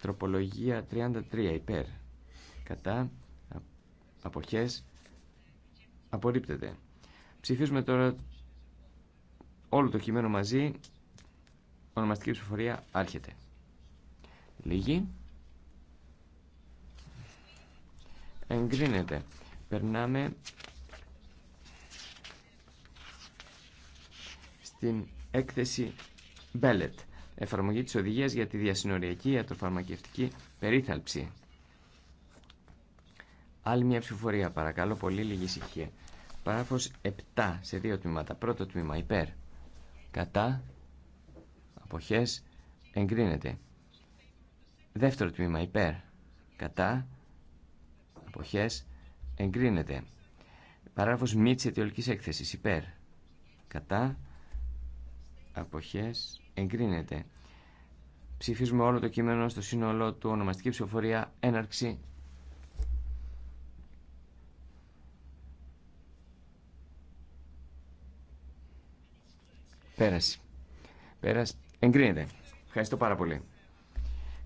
Τροπολογία 33. Υπέρ. Κατά. Αποχές. Απορρίπτεται. Ψηφίζουμε τώρα όλο το κείμενο μαζί, ονομαστική ψηφοφορία άρχεται. Λίγη. Εγκρίνεται. Περνάμε στην έκθεση Μπέλετ. Εφαρμογή της οδηγίας για τη διασυνοριακή ιατροφαρμακευτική περίθαλψη. Άλλη μια ψηφοφορία παρακαλώ, πολύ λίγη ησυχία. Παράφος 7 σε δύο τμήματα. Πρώτο τμήμα υπέρ κατά, αποχές, εγκρίνεται. Δεύτερο τμήμα υπέρ, κατά, αποχές, εγκρίνεται. Παράγραφος μη της αιτιολικής έκθεσης υπέρ, κατά, αποχές, εγκρίνεται. Ψηφίζουμε όλο το κείμενο στο σύνολό του ονομαστική ψηφοφορία έναρξη Πέρασε. Πέρασε. Εγκρίνεται. Ευχαριστώ πάρα πολύ.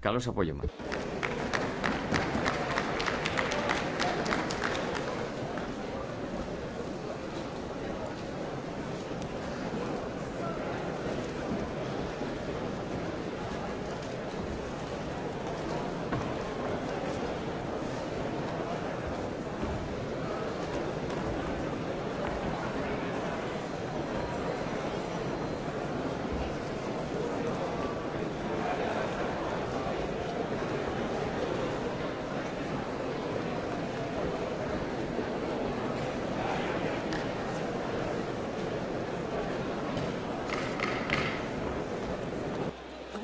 Καλώς απόγευμα.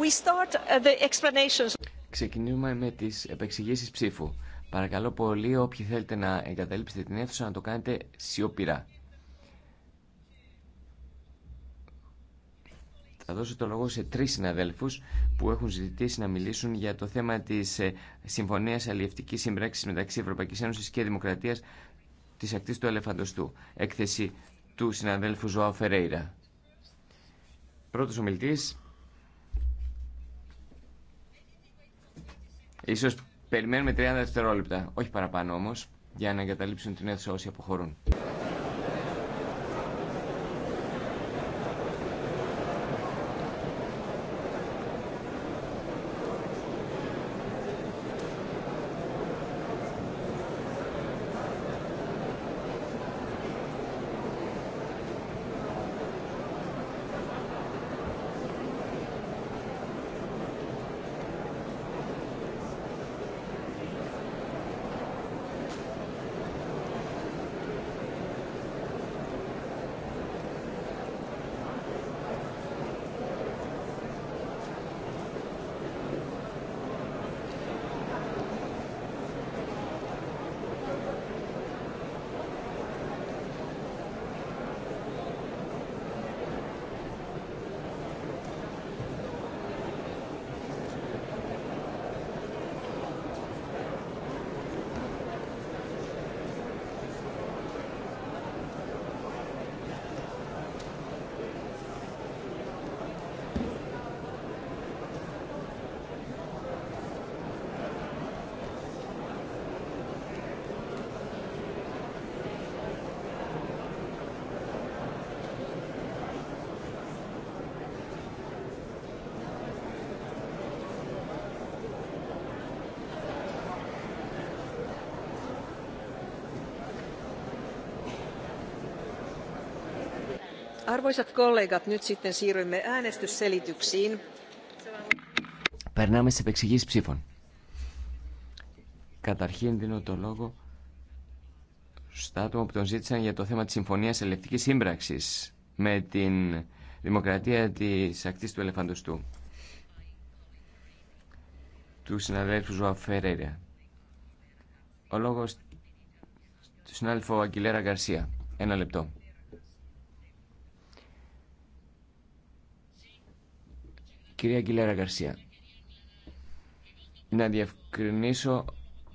Uh, Ξεκινούμε με τις επεξηγήσεις ψήφου. Παρακαλώ πολύ όποιοι θέλετε να εγκαταλείψετε την αίθουσα να το κάνετε σιωπηρά. Θα δώσω το λόγο σε τρεις συναδέλφους που έχουν ζητήσει να μιλήσουν για το θέμα της ε, Συμφωνίας Αλλιευτικής Συμπράξης μεταξύ Ευρωπαϊκής Ένωσης και Δημοκρατίας της ακτής του Ελεφαντοστού. Έκθεση του συναδέλφου Ζωάου Φερέιρα. Πρώτος ομιλητής, Ίσως περιμένουμε 30 δευτερόλεπτα, όχι παραπάνω όμως, για να εγκαταλείψουν την αίθουσα όσοι αποχωρούν. Περνάμε σε επεξηγήσει ψήφων. Καταρχήν δίνω το λόγο στα άτομα που τον ζήτησαν για το θέμα της Συμφωνίας Ελευτικής Σύμπραξης με την Δημοκρατία της Ακτής του Ελεφαντοστού του συναδέλφου Ζωα Ο λόγος του συνάδελφου Αγγιλέρα Γκαρσία. Ένα λεπτό. Κυρία Αγγιλέρα Γκαρσία, να διευκρινίσω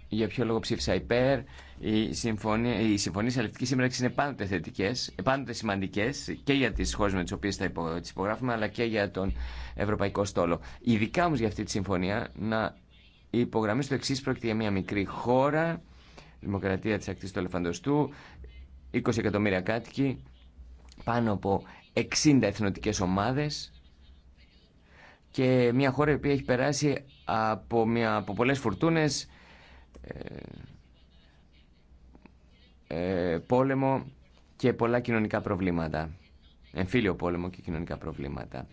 για ποιο λόγο ψήφισα υπέρ. Οι συμφωνίε αλληλευτική σύμπραξη είναι πάντοτε θετικέ, πάντοτε σημαντικέ και για τι χώρε με τι οποίε θα τις υπογράφουμε, αλλά και για τον Ευρωπαϊκό Στόλο. Ειδικά όμω για αυτή τη συμφωνία, να υπογραμμίσω το εξή: πρόκειται για μια μικρή χώρα, δημοκρατία τη ακτή του Ελεφαντοστού, 20 εκατομμύρια κάτοικοι, πάνω από 60 εθνοτικέ ομάδε και μια χώρα η οποία έχει περάσει από, μια, από πολλές φουρτούνες, ε, ε πόλεμο και πολλά κοινωνικά προβλήματα. Εμφύλιο πόλεμο και κοινωνικά προβλήματα.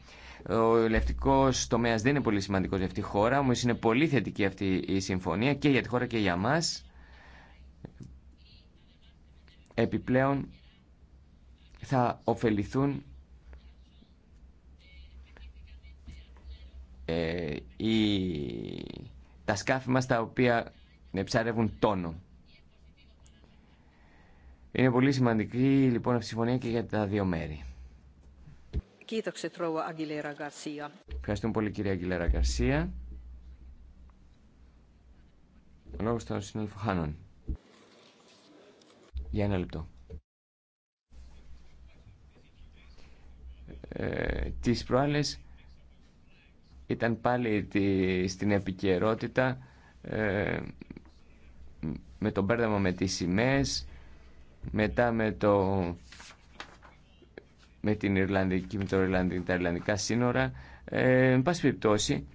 Ο ελευτικό τομέα δεν είναι πολύ σημαντικό για αυτή τη χώρα, όμω είναι πολύ θετική αυτή η συμφωνία και για τη χώρα και για μα. Επιπλέον θα ωφεληθούν ε, η, τα σκάφη μας τα οποία ψαρεύουν τόνο. Είναι πολύ σημαντική λοιπόν αυτή η συμφωνία και για τα δύο μέρη. Ευχαριστούμε πολύ κυρία Αγγιλέρα Γκαρσία. Ο λόγος των συνάδελφων Χάνων. Για ένα λεπτό. Ε, τις προάλλες ήταν πάλι στην επικαιρότητα ε, με το μπέρδαμα με τις σημαίες, μετά με το με την Ιρλανδική, με το τα Ιρλανδικά σύνορα. Ε, πάση περιπτώσει,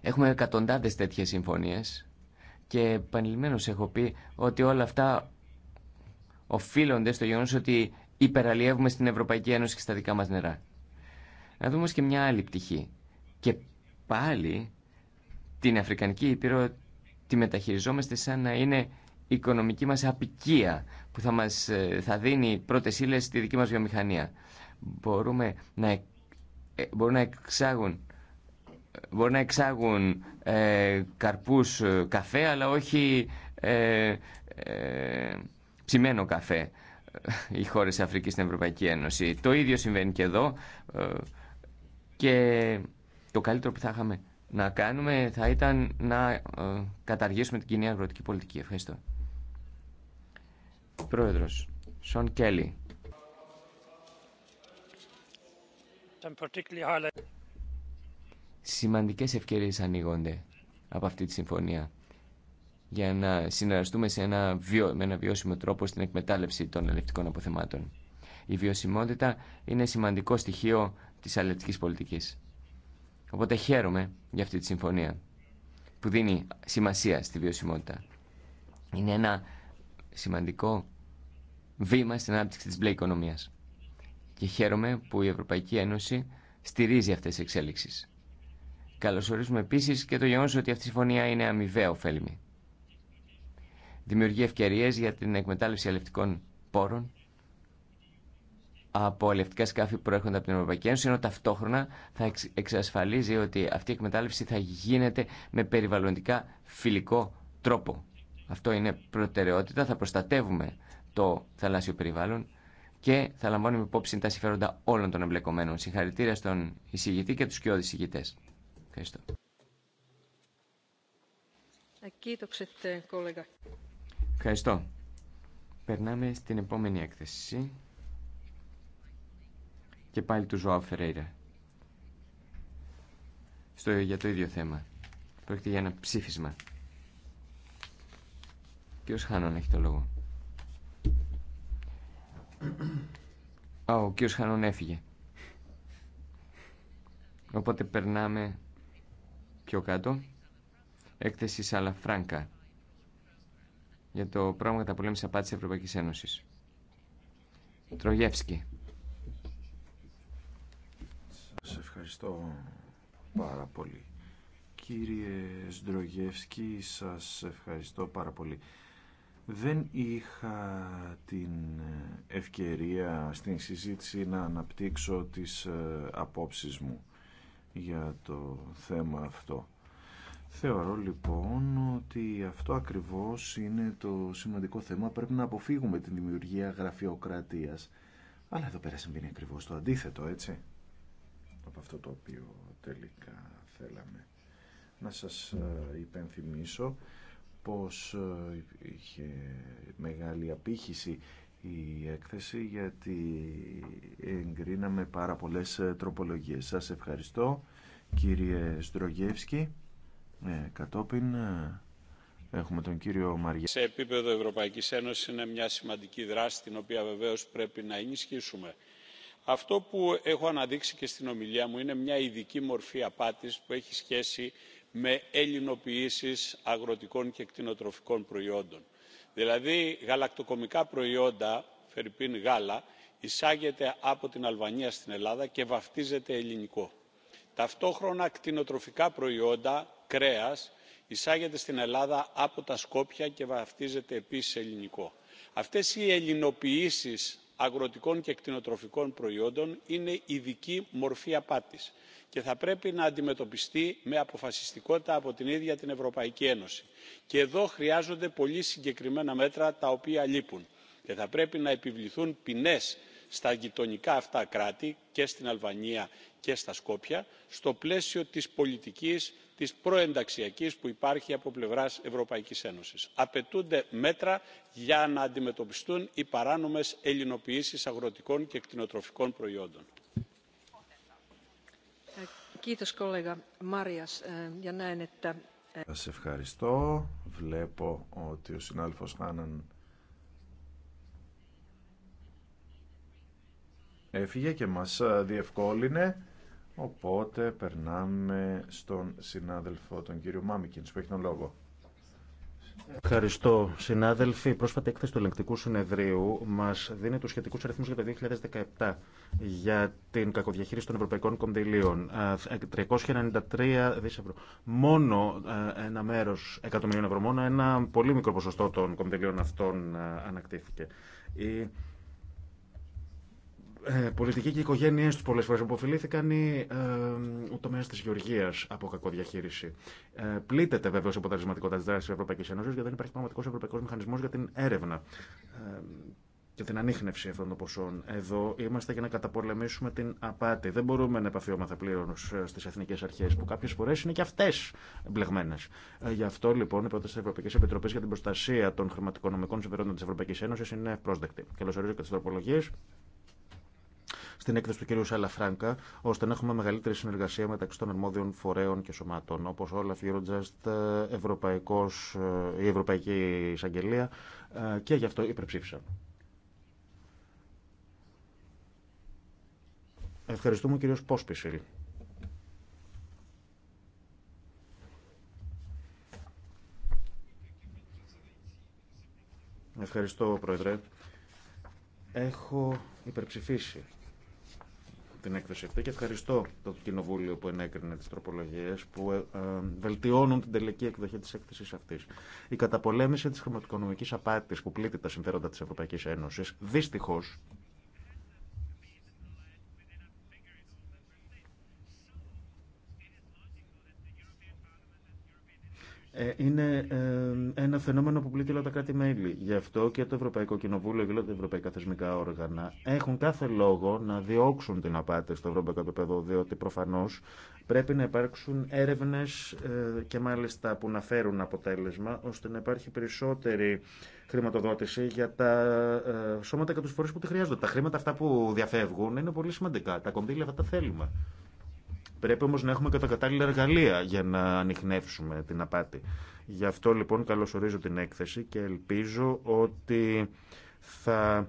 έχουμε εκατοντάδες τέτοιες συμφωνίες και επανειλημμένως έχω πει ότι όλα αυτά οφείλονται στο γεγονός ότι υπεραλλιεύουμε στην Ευρωπαϊκή Ένωση και στα δικά μας νερά. Να δούμε και μια άλλη πτυχή και πάλι την Αφρικανική Ήπειρο τη μεταχειριζόμαστε σαν να είναι οικονομική μας απικία που θα, μας, ε, θα δίνει πρώτες ύλες στη δική μας βιομηχανία. Μπορούμε να, ε, μπορούν να εξάγουν ε, Μπορεί να εξάγουν καρπούς καφέ, αλλά όχι ψημένο καφέ οι χώρες Αφρικής στην Ευρωπαϊκή Ένωση. Το ίδιο συμβαίνει και εδώ και το καλύτερο που θα είχαμε να κάνουμε θα ήταν να ε, καταργήσουμε την κοινή αγροτική πολιτική. Ευχαριστώ. Πρόεδρος, Σον Κέλλη. Σημαντικές ευκαιρίες ανοίγονται από αυτή τη συμφωνία για να συνεργαστούμε σε ένα με ένα βιώσιμο τρόπο στην εκμετάλλευση των αλληλευτικών αποθεμάτων. Η βιωσιμότητα είναι σημαντικό στοιχείο της αλευτικής πολιτικής. Οπότε χαίρομαι για αυτή τη συμφωνία που δίνει σημασία στη βιωσιμότητα. Είναι ένα σημαντικό βήμα στην ανάπτυξη της μπλε οικονομίας. Και χαίρομαι που η Ευρωπαϊκή Ένωση στηρίζει αυτές τις εξέλιξεις. Καλωσορίζουμε επίσης και το γεγονός ότι αυτή η συμφωνία είναι αμοιβαία ωφέλιμη. Δημιουργεί ευκαιρίες για την εκμετάλλευση αλευτικών πόρων από αλληλευτικά σκάφη που προέρχονται από την Ευρωπαϊκή Ένωση, ενώ ταυτόχρονα θα εξασφαλίζει ότι αυτή η εκμετάλλευση θα γίνεται με περιβαλλοντικά φιλικό τρόπο. Αυτό είναι προτεραιότητα. Θα προστατεύουμε το θαλάσσιο περιβάλλον και θα λαμβάνουμε υπόψη τα συμφέροντα όλων των εμπλεκομένων. Συγχαρητήρια στον εισηγητή και τους κοιόδης εισηγητές. Ευχαριστώ. Ευχαριστώ. Περνάμε στην επόμενη έκθεση και πάλι του Ζωάου Φερέιρα στο, για το ίδιο θέμα. Πρόκειται για ένα ψήφισμα. Ποιο Χάνων έχει το λόγο. Α, ο κύριος Χάνων έφυγε. Οπότε περνάμε πιο κάτω. Έκθεση Σαλαφράνκα για το πρόγραμμα καταπολέμησης τη Ευρωπαϊκής Ένωσης. Τρογεύσκη. Σας ευχαριστώ πάρα πολύ. Κύριε Σντρογεύσκη, σας ευχαριστώ πάρα πολύ. Δεν είχα την ευκαιρία στην συζήτηση να αναπτύξω τις ε, απόψεις μου για το θέμα αυτό. Θεωρώ λοιπόν ότι αυτό ακριβώς είναι το σημαντικό θέμα. Πρέπει να αποφύγουμε την δημιουργία γραφειοκρατίας. Αλλά εδώ πέρα συμβαίνει ακριβώς το αντίθετο, έτσι από αυτό το οποίο τελικά θέλαμε. Να σας ε, υπενθυμίσω πως ε, είχε μεγάλη απήχηση η έκθεση γιατί εγκρίναμε πάρα πολλές ε, τροπολογίες. Σας ευχαριστώ κύριε Στρογεύσκη. κατόπιν έχουμε τον κύριο Μαριά. Σε επίπεδο Ευρωπαϊκής Ένωσης είναι μια σημαντική δράση την οποία βεβαίως πρέπει να ενισχύσουμε αυτό που έχω αναδείξει και στην ομιλία μου είναι μια ειδική μορφή απάτης που έχει σχέση με ελληνοποιήσεις αγροτικών και κτηνοτροφικών προϊόντων. δηλαδή γαλακτοκομικά προϊόντα φερρυπίν γάλα εισάγεται από την αλβανία στην ελλάδα και βαφτίζεται ελληνικό. ταυτόχρονα κτηνοτροφικά προϊόντα κρέας εισάγεται στην ελλάδα από τα σκόπια και βαφτίζεται επίσης ελληνικό. αυτές οι ελληνοποιήσεις αγροτικών και κτηνοτροφικών προϊόντων είναι ειδική μορφή απάτης και θα πρέπει να αντιμετωπιστεί με αποφασιστικότητα από την ίδια την ευρωπαϊκή ένωση. και εδώ χρειάζονται πολύ συγκεκριμένα μέτρα τα οποία λείπουν και θα πρέπει να επιβληθούν ποινές στα γειτονικά αυτά κράτη και στην αλβανία και στα σκόπια στο πλαίσιο της πολιτικής της προενταξιακής που υπάρχει από πλευράς ευρωπαϊκής ένωσης. απαιτούνται μέτρα για να αντιμετωπιστούν οι παράνομες ελληνοποιήσεις αγροτικών και κτηνοτροφικών προϊόντων. Ε, ε, ε. Σας ευχαριστώ. έφυγε και μας ε, διευκόλυνε. Οπότε περνάμε στον συνάδελφο, τον κύριο Μάμικινς, που έχει τον λόγο. Ευχαριστώ, συνάδελφοι. Η πρόσφατη έκθεση του ελεγκτικού συνεδρίου μα δίνει του σχετικού αριθμού για το 2017 για την κακοδιαχείριση των ευρωπαϊκών κονδυλίων. 393 δισευρώ. Μόνο ένα μέρο εκατομμυρίων ευρώ, μόνο ένα πολύ μικρό ποσοστό των κονδυλίων αυτών ανακτήθηκε. Ε, πολιτικοί και οι οικογένειέ του πολλέ φορέ αποφελήθηκαν ή ε, ο τομέα τη γεωργία από κακοδιαχείριση. Ε, πλήττεται βεβαίω η αποτελεσματικότητα τη δράση τη Ευρωπαϊκή Ένωση γιατί δεν υπάρχει πραγματικό ευρωπαϊκό μηχανισμό για την έρευνα ε, και την ανείχνευση αυτών των ποσών. Εδώ είμαστε για να καταπολεμήσουμε την απάτη. Δεν μπορούμε να επαφιόμαστε πλήρω ε, στι εθνικέ αρχέ που κάποιε φορέ είναι και αυτέ μπλεγμένε. Ε, γι' αυτό λοιπόν η πρόταση τη Ευρωπαϊκή Επιτροπή για την προστασία των χρηματοοικονομικών συμφερόντων τη Ευρωπαϊκή Ένωση είναι πρόσδεκτη. Καλωσορίζω και τι τροπολογίε στην έκθεση του κ. Σαλαφράγκα, ώστε να έχουμε μεγαλύτερη συνεργασία μεταξύ των αρμόδιων φορέων και σωμάτων, όπω όλα Eurojust, Ευρωπαϊκός, η Ευρωπαϊκή Εισαγγελία ε, και γι' αυτό υπερψήφισα. Ευχαριστούμε κύριο Πόσπισιλ. Ευχαριστώ, Πρόεδρε. Έχω υπερψηφίσει την έκθεση αυτή και ευχαριστώ το Κοινοβούλιο που ενέκρινε τις τροπολογίες που ε, ε, βελτιώνουν την τελική εκδοχή της έκθεσης αυτής. Η καταπολέμηση της χρηματοοικονομικής απάτης που πλήττει τα συμφέροντα της Ευρωπαϊκής Ένωσης δυστυχώς Ε, είναι ε, ένα φαινόμενο που πλήττει όλα τα κράτη-μέλη. Γι' αυτό και το Ευρωπαϊκό Κοινοβούλιο και όλα δηλαδή τα ευρωπαϊκά θεσμικά όργανα έχουν κάθε λόγο να διώξουν την απάτη στο ευρωπαϊκό επίπεδο, διότι προφανώ πρέπει να υπάρξουν έρευνε ε, και μάλιστα που να φέρουν αποτέλεσμα, ώστε να υπάρχει περισσότερη χρηματοδότηση για τα σώματα και του φορεί που τη χρειάζονται. Τα χρήματα αυτά που διαφεύγουν είναι πολύ σημαντικά. Τα κονδύλια αυτά τα θέλουμε. Πρέπει όμως να έχουμε και κατάλληλα εργαλεία για να ανοιχνεύσουμε την απάτη. Γι' αυτό λοιπόν καλωσορίζω την έκθεση και ελπίζω ότι θα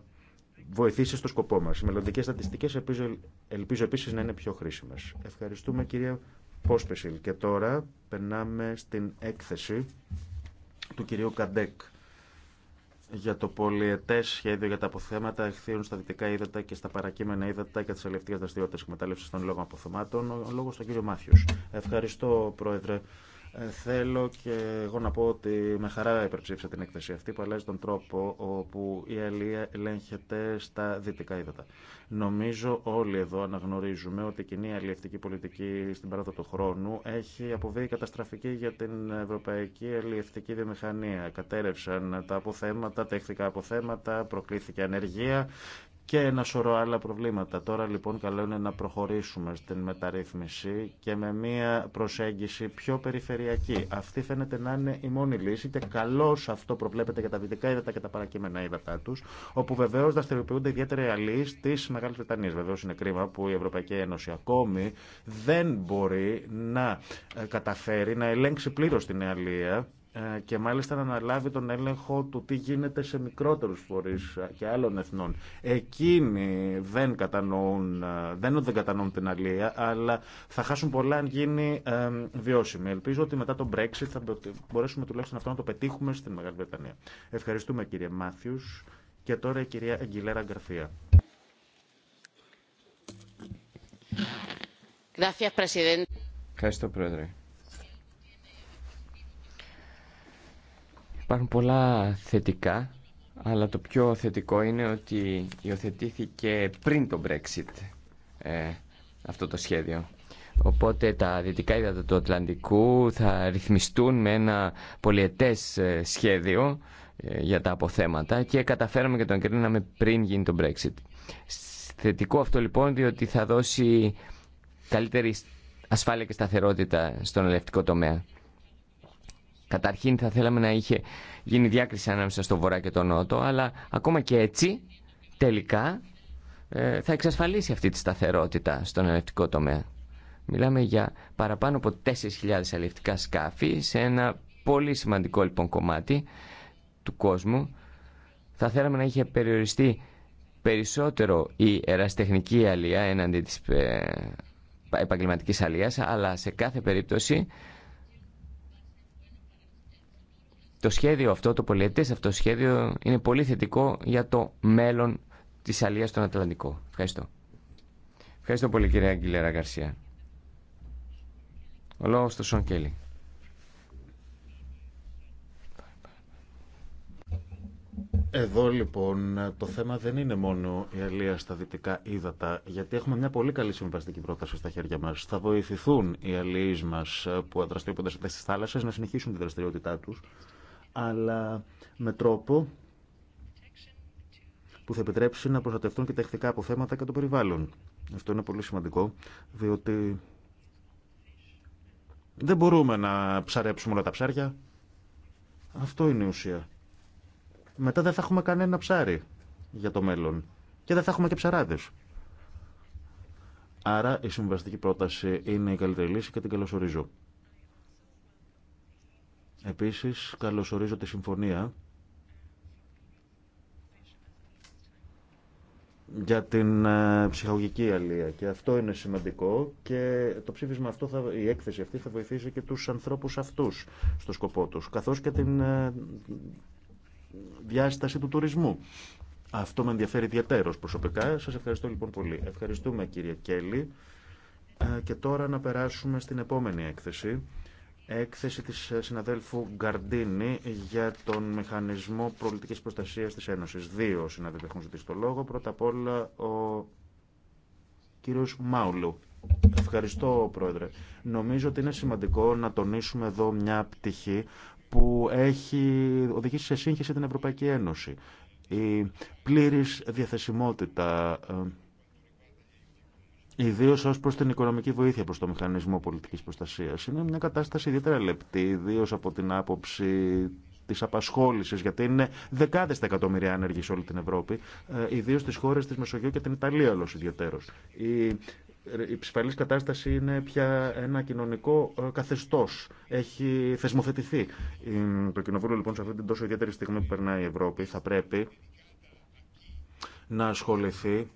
βοηθήσει στο σκοπό μα. Οι μελλοντικές στατιστικές ελπίζω, ελπίζω επίσης να είναι πιο χρήσιμες. Ευχαριστούμε κυρία Πόσπεσιλ. Και τώρα περνάμε στην έκθεση του κυρίου Καντέκ για το πολιετέ σχέδιο για τα αποθέματα εχθείων στα δυτικά ύδατα και στα παρακείμενα ύδατα και τι ελευθερίε δραστηριότητε εκμετάλλευση των λόγων αποθεμάτων. Ο λόγο στον κύριο Μάθιο. Ευχαριστώ, Πρόεδρε. Ε, θέλω και εγώ να πω ότι με χαρά υπερψήφισα την εκθεσία αυτή που αλλάζει τον τρόπο όπου η αλληλεία ελέγχεται στα δυτικά είδατα. Νομίζω όλοι εδώ αναγνωρίζουμε ότι η κοινή αλληλευτική πολιτική στην παράδοση του χρόνου έχει αποβεί καταστραφική για την ευρωπαϊκή αλληλευτική βιομηχανία. Κατέρευσαν τα αποθέματα, τα αποθέματα, προκλήθηκε ανεργία και ένα σωρό άλλα προβλήματα. Τώρα λοιπόν καλό είναι να προχωρήσουμε στην μεταρρύθμιση και με μια προσέγγιση πιο περιφερειακή. Αυτή φαίνεται να είναι η μόνη λύση και καλώ αυτό προβλέπεται για τα δυτικά ύδατα και τα παρακείμενα ύδατα του, όπου βεβαίω δραστηριοποιούνται ιδιαίτερα οι αλλοί τη Μεγάλη Βρετανία. Βεβαίω είναι κρίμα που η Ευρωπαϊκή Ένωση ακόμη δεν μπορεί να ε, καταφέρει να ελέγξει πλήρω την αλία ε, και μάλιστα να αναλάβει τον έλεγχο του τι γίνεται σε μικρότερους φορείς και άλλων εθνών. Εκείνοι δεν κατανοούν, ε, δεν, δεν κατανοούν την αλλήλεια, αλλά θα χάσουν πολλά αν γίνει ε, βιώσιμη. Ελπίζω ότι μετά τον Brexit θα μπορέσουμε τουλάχιστον αυτό να το πετύχουμε στην Μεγάλη Βρετανία. Ευχαριστούμε κύριε Μάθιους και τώρα η κυρία Αγγιλέρα Γκαρθία. Ευχαριστώ πρόεδρε. Υπάρχουν πολλά θετικά, αλλά το πιο θετικό είναι ότι υιοθετήθηκε πριν το Brexit ε, αυτό το σχέδιο. Οπότε τα δυτικά ύδατα του Ατλαντικού θα ρυθμιστούν με ένα πολιετές ε, σχέδιο ε, για τα αποθέματα και καταφέραμε και τον κρίναμε πριν γίνει το Brexit. Θετικό αυτό λοιπόν διότι θα δώσει καλύτερη ασφάλεια και σταθερότητα στον ελευτικό τομέα. Καταρχήν θα θέλαμε να είχε γίνει διάκριση ανάμεσα στο βορρά και το νότο, αλλά ακόμα και έτσι τελικά ε, θα εξασφαλίσει αυτή τη σταθερότητα στον ελευτικό τομέα. Μιλάμε για παραπάνω από 4.000 αλληλευτικά σκάφη σε ένα πολύ σημαντικό λοιπόν κομμάτι του κόσμου. Θα θέλαμε να είχε περιοριστεί περισσότερο η εραστεχνική αλία έναντι της ε, επαγγελματικής αλίας, αλλά σε κάθε περίπτωση Το σχέδιο αυτό, το πολιετές αυτό σχέδιο είναι πολύ θετικό για το μέλλον της αλίας στον Ατλαντικό. Ευχαριστώ. Ευχαριστώ πολύ κυρία Αγγιλέρα Γκαρσία. Ο λόγος του Σον Κέλλη. Εδώ λοιπόν το θέμα δεν είναι μόνο η Αλία στα δυτικά ύδατα, γιατί έχουμε μια πολύ καλή συμβαστική πρόταση στα χέρια μα. Θα βοηθηθούν οι Αλίες μα που δραστηριοποιούνται στι θάλασσε να συνεχίσουν τη δραστηριότητά του αλλά με τρόπο που θα επιτρέψει να προστατευτούν και τα αποθέματα και το περιβάλλον. Αυτό είναι πολύ σημαντικό, διότι δεν μπορούμε να ψαρέψουμε όλα τα ψάρια. Αυτό είναι η ουσία. Μετά δεν θα έχουμε κανένα ψάρι για το μέλλον και δεν θα έχουμε και ψαράδες. Άρα η συμβαστική πρόταση είναι η καλύτερη λύση και την καλωσορίζω. Επίσης, καλωσορίζω τη συμφωνία για την ε, ψυχαγωγική αλία και αυτό είναι σημαντικό και το ψήφισμα αυτό, θα, η έκθεση αυτή θα βοηθήσει και τους ανθρώπους αυτούς στο σκοπό τους, καθώς και την ε, διάσταση του τουρισμού. Αυτό με ενδιαφέρει ιδιαίτερος προσωπικά. Σας ευχαριστώ λοιπόν πολύ. Ευχαριστούμε κύριε Κέλλη ε, και τώρα να περάσουμε στην επόμενη έκθεση. Έκθεση της συναδέλφου Γκαρντίνη για τον μηχανισμό προλητικής προστασίας της Ένωσης. Δύο συναδέλφοι έχουν ζητήσει το λόγο. Πρώτα απ' όλα ο κύριος Μάουλου. Ευχαριστώ, Πρόεδρε. Νομίζω ότι είναι σημαντικό να τονίσουμε εδώ μια πτυχή που έχει οδηγήσει σε σύγχυση την Ευρωπαϊκή Ένωση. Η πλήρης διαθεσιμότητα ε, Ιδίω ω προ την οικονομική βοήθεια προ το μηχανισμό πολιτική προστασία. Είναι μια κατάσταση ιδιαίτερα λεπτή, ιδίω από την άποψη τη απασχόληση, γιατί είναι δεκάδε τα εκατομμύρια άνεργοι σε όλη την Ευρώπη, ε, ιδίω στι χώρε τη Μεσογείου και την Ιταλία όλο ιδιαίτερω. Η ε, η κατάσταση είναι πια ένα κοινωνικό ε, καθεστώ Έχει θεσμοθετηθεί. Το Κοινοβούλιο λοιπόν σε αυτή την τόσο ιδιαίτερη στιγμή που περνάει η Ευρώπη θα πρέπει να ασχοληθεί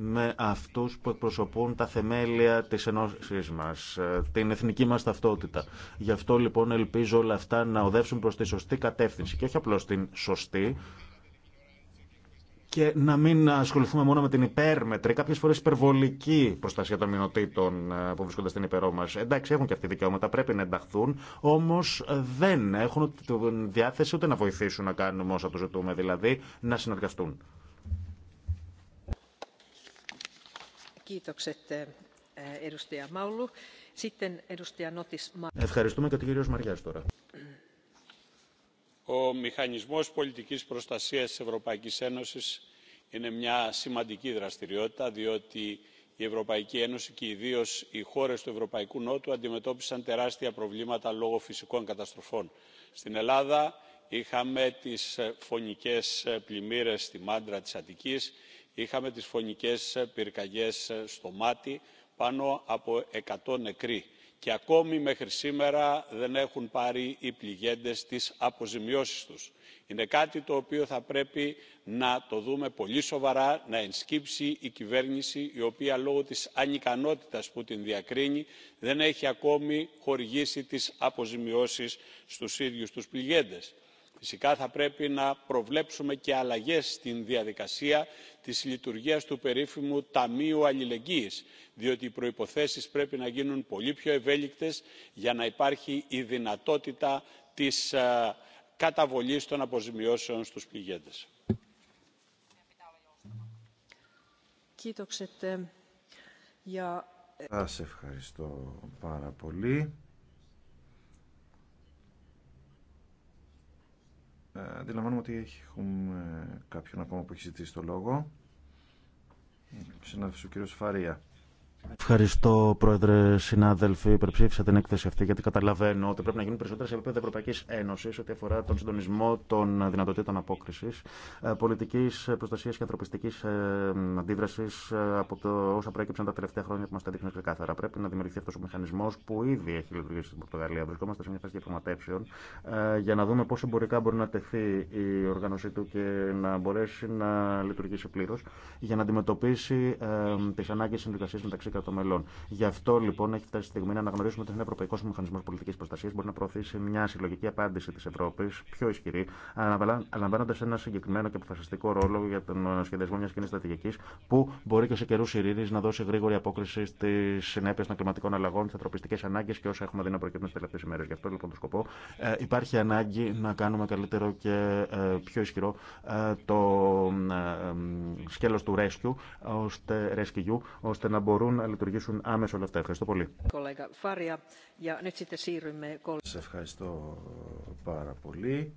με αυτούς που εκπροσωπούν τα θεμέλια της ενώσης μας, την εθνική μας ταυτότητα. Γι' αυτό λοιπόν ελπίζω όλα αυτά να οδεύσουν προς τη σωστή κατεύθυνση και όχι απλώς την σωστή, και να μην ασχοληθούμε μόνο με την υπέρμετρη, κάποιε φορέ υπερβολική προστασία των μειονοτήτων ε, που βρίσκονται στην υπερό μα. Εντάξει, έχουν και αυτοί δικαιώματα, πρέπει να ενταχθούν, όμω ε, δεν έχουν τη διάθεση ούτε να βοηθήσουν να κάνουμε όσα του ζητούμε, δηλαδή να συνεργαστούν. Ευχαριστούμε και τον κύριο Μαριάς τώρα. Ο μηχανισμός πολιτικής προστασίας της Ευρωπαϊκής Ένωσης είναι μια σημαντική δραστηριότητα διότι η Ευρωπαϊκή Ένωση και ιδίω οι χώρε του Ευρωπαϊκού Νότου αντιμετώπισαν τεράστια προβλήματα λόγω φυσικών καταστροφών. Στην Ελλάδα είχαμε τις ε, φωνικές ε, πλημμύρες στη Μάντρα της Αττικής, είχαμε τις φωνικές ε, πυρκαγιές ε, στο μάτι πάνω από 100 νεκροί και ακόμη μέχρι σήμερα δεν έχουν πάρει οι πληγέντες τις αποζημιώσεις τους. Είναι κάτι το οποίο θα πρέπει να το δούμε πολύ σοβαρά, να ενσκύψει η κυβέρνηση η οποία λόγω της ανικανότητας που την διακρίνει δεν έχει ακόμη χορηγήσει τις αποζημιώσεις στους ίδιους τους πληγέντες φυσικά θα πρέπει να προβλέψουμε και αλλαγές στην διαδικασία της λειτουργίας του περίφημου ταμείου αλληλεγγύης διότι οι προϋποθέσεις πρέπει να γίνουν πολύ πιο ευέλικτες για να υπάρχει η δυνατότητα της ε, καταβολής των αποζημιώσεων στους πληγέντες. Ε, Σας ευχαριστώ πάρα πολύ. Αντιλαμβάνομαι ότι έχουμε κάποιον ακόμα που έχει ζητήσει το λόγο. Συνάδελφο ο κύριος Φαρία. Ευχαριστώ, Πρόεδρε, συνάδελφοι. Υπερψήφισα την έκθεση αυτή γιατί καταλαβαίνω ότι πρέπει να γίνουν περισσότερε σε επίπεδο Ευρωπαϊκή Ένωση ό,τι αφορά τον συντονισμό των δυνατοτήτων απόκριση, ε, πολιτική ε, προστασία και ανθρωπιστική ε, αντίδραση από το όσα προέκυψαν τα τελευταία χρόνια που μα τα δείχνουν ξεκάθαρα. Πρέπει να δημιουργηθεί αυτό ο μηχανισμό που ήδη έχει λειτουργήσει στην Πορτογαλία. Βρισκόμαστε σε μια φάση διαπραγματεύσεων για να δούμε πόσο εμπορικά μπορεί να τεθεί η οργάνωσή του και να μπορέσει να λειτουργήσει πλήρω για να αντιμετωπίσει τι ανάγκε συνεργασία μεταξύ μελών. Γι' αυτό λοιπόν έχει φτάσει η στιγμή να αναγνωρίσουμε ότι ένα Ευρωπαϊκό Μηχανισμό Πολιτική Προστασία μπορεί να προωθήσει μια συλλογική απάντηση τη Ευρώπη πιο ισχυρή, αναλαμβάνοντα ένα συγκεκριμένο και αποφασιστικό ρόλο για τον σχεδιασμό μια κοινή στρατηγική που μπορεί και σε καιρού ειρήνη να δώσει γρήγορη απόκριση στι συνέπειε των κλιματικών αλλαγών, στι ανθρωπιστικέ ανάγκε και όσα έχουμε δει να προκύπτουν στι τελευταίε ημέρε. Γι' αυτό λοιπόν το σκοπό ε, υπάρχει ανάγκη να κάνουμε καλύτερο και ε, πιο ισχυρό ε, το ε, του rescue, ώστε, ώστε να μπορούν να λειτουργήσουν άμεσα όλα αυτά. Ευχαριστώ πολύ. Σε ευχαριστώ πάρα πολύ.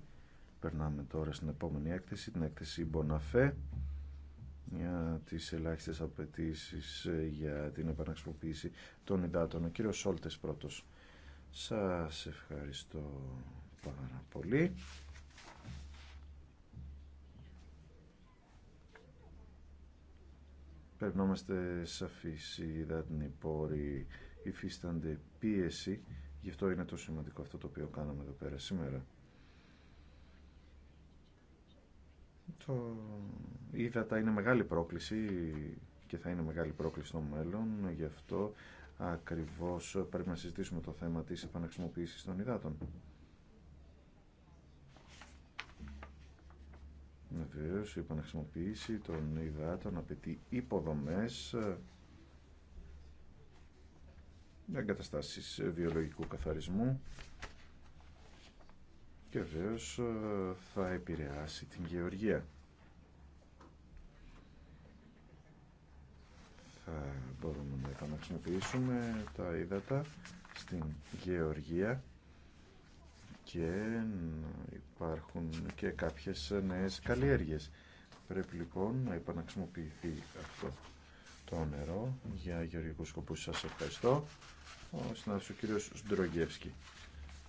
Περνάμε τώρα στην επόμενη έκθεση, την έκθεση Μποναφέ για τις ελάχιστες απαιτήσει ε, για την επαναξυποποίηση των υδάτων. Ο κύριος Σόλτες πρώτος. Σας ευχαριστώ πάρα πολύ. Πρέπει να είμαστε σαφείς, οι υδάτινοι πόροι υφίστανται πίεση, γι' αυτό είναι το σημαντικό αυτό το οποίο κάναμε εδώ πέρα σήμερα. Το... Η ύδατα είναι μεγάλη πρόκληση και θα είναι μεγάλη πρόκληση στο μέλλον, γι' αυτό ακριβώς πρέπει να συζητήσουμε το θέμα της επαναχρησιμοποίησης των υδάτων. Βεβαίω, η επαναχρησιμοποίηση των υδάτων απαιτεί υποδομές ε, εγκαταστάσει βιολογικού καθαρισμού και βεβαίω ε, θα επηρεάσει την γεωργία. Θα μπορούμε να επαναχρησιμοποιήσουμε τα ύδατα στην γεωργία και υπάρχουν και κάποιες νέες καλλιέργειες. Πρέπει λοιπόν να επαναξιμοποιηθεί αυτό το νερό για γεωργικούς σκοπούς. Σας ευχαριστώ. Ο συνάδελφος ο κύριος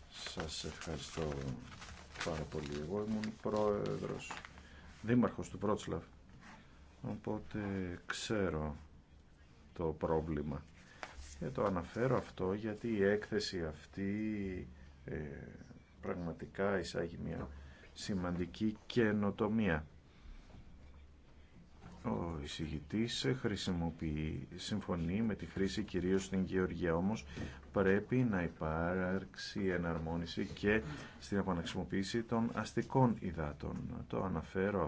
Σας ευχαριστώ πάρα πολύ. Εγώ ήμουν πρόεδρος, δήμαρχος του Πρότσλαβ, οπότε ξέρω το πρόβλημα. Και το αναφέρω αυτό γιατί η έκθεση αυτή ε, πραγματικά εισάγει μια σημαντική καινοτομία. Ο εισηγητής χρησιμοποιεί, συμφωνεί με τη χρήση κυρίως στην Γεωργία, όμως πρέπει να υπάρξει εναρμόνιση και στην επαναξιμοποίηση των αστικών υδάτων. Το αναφέρω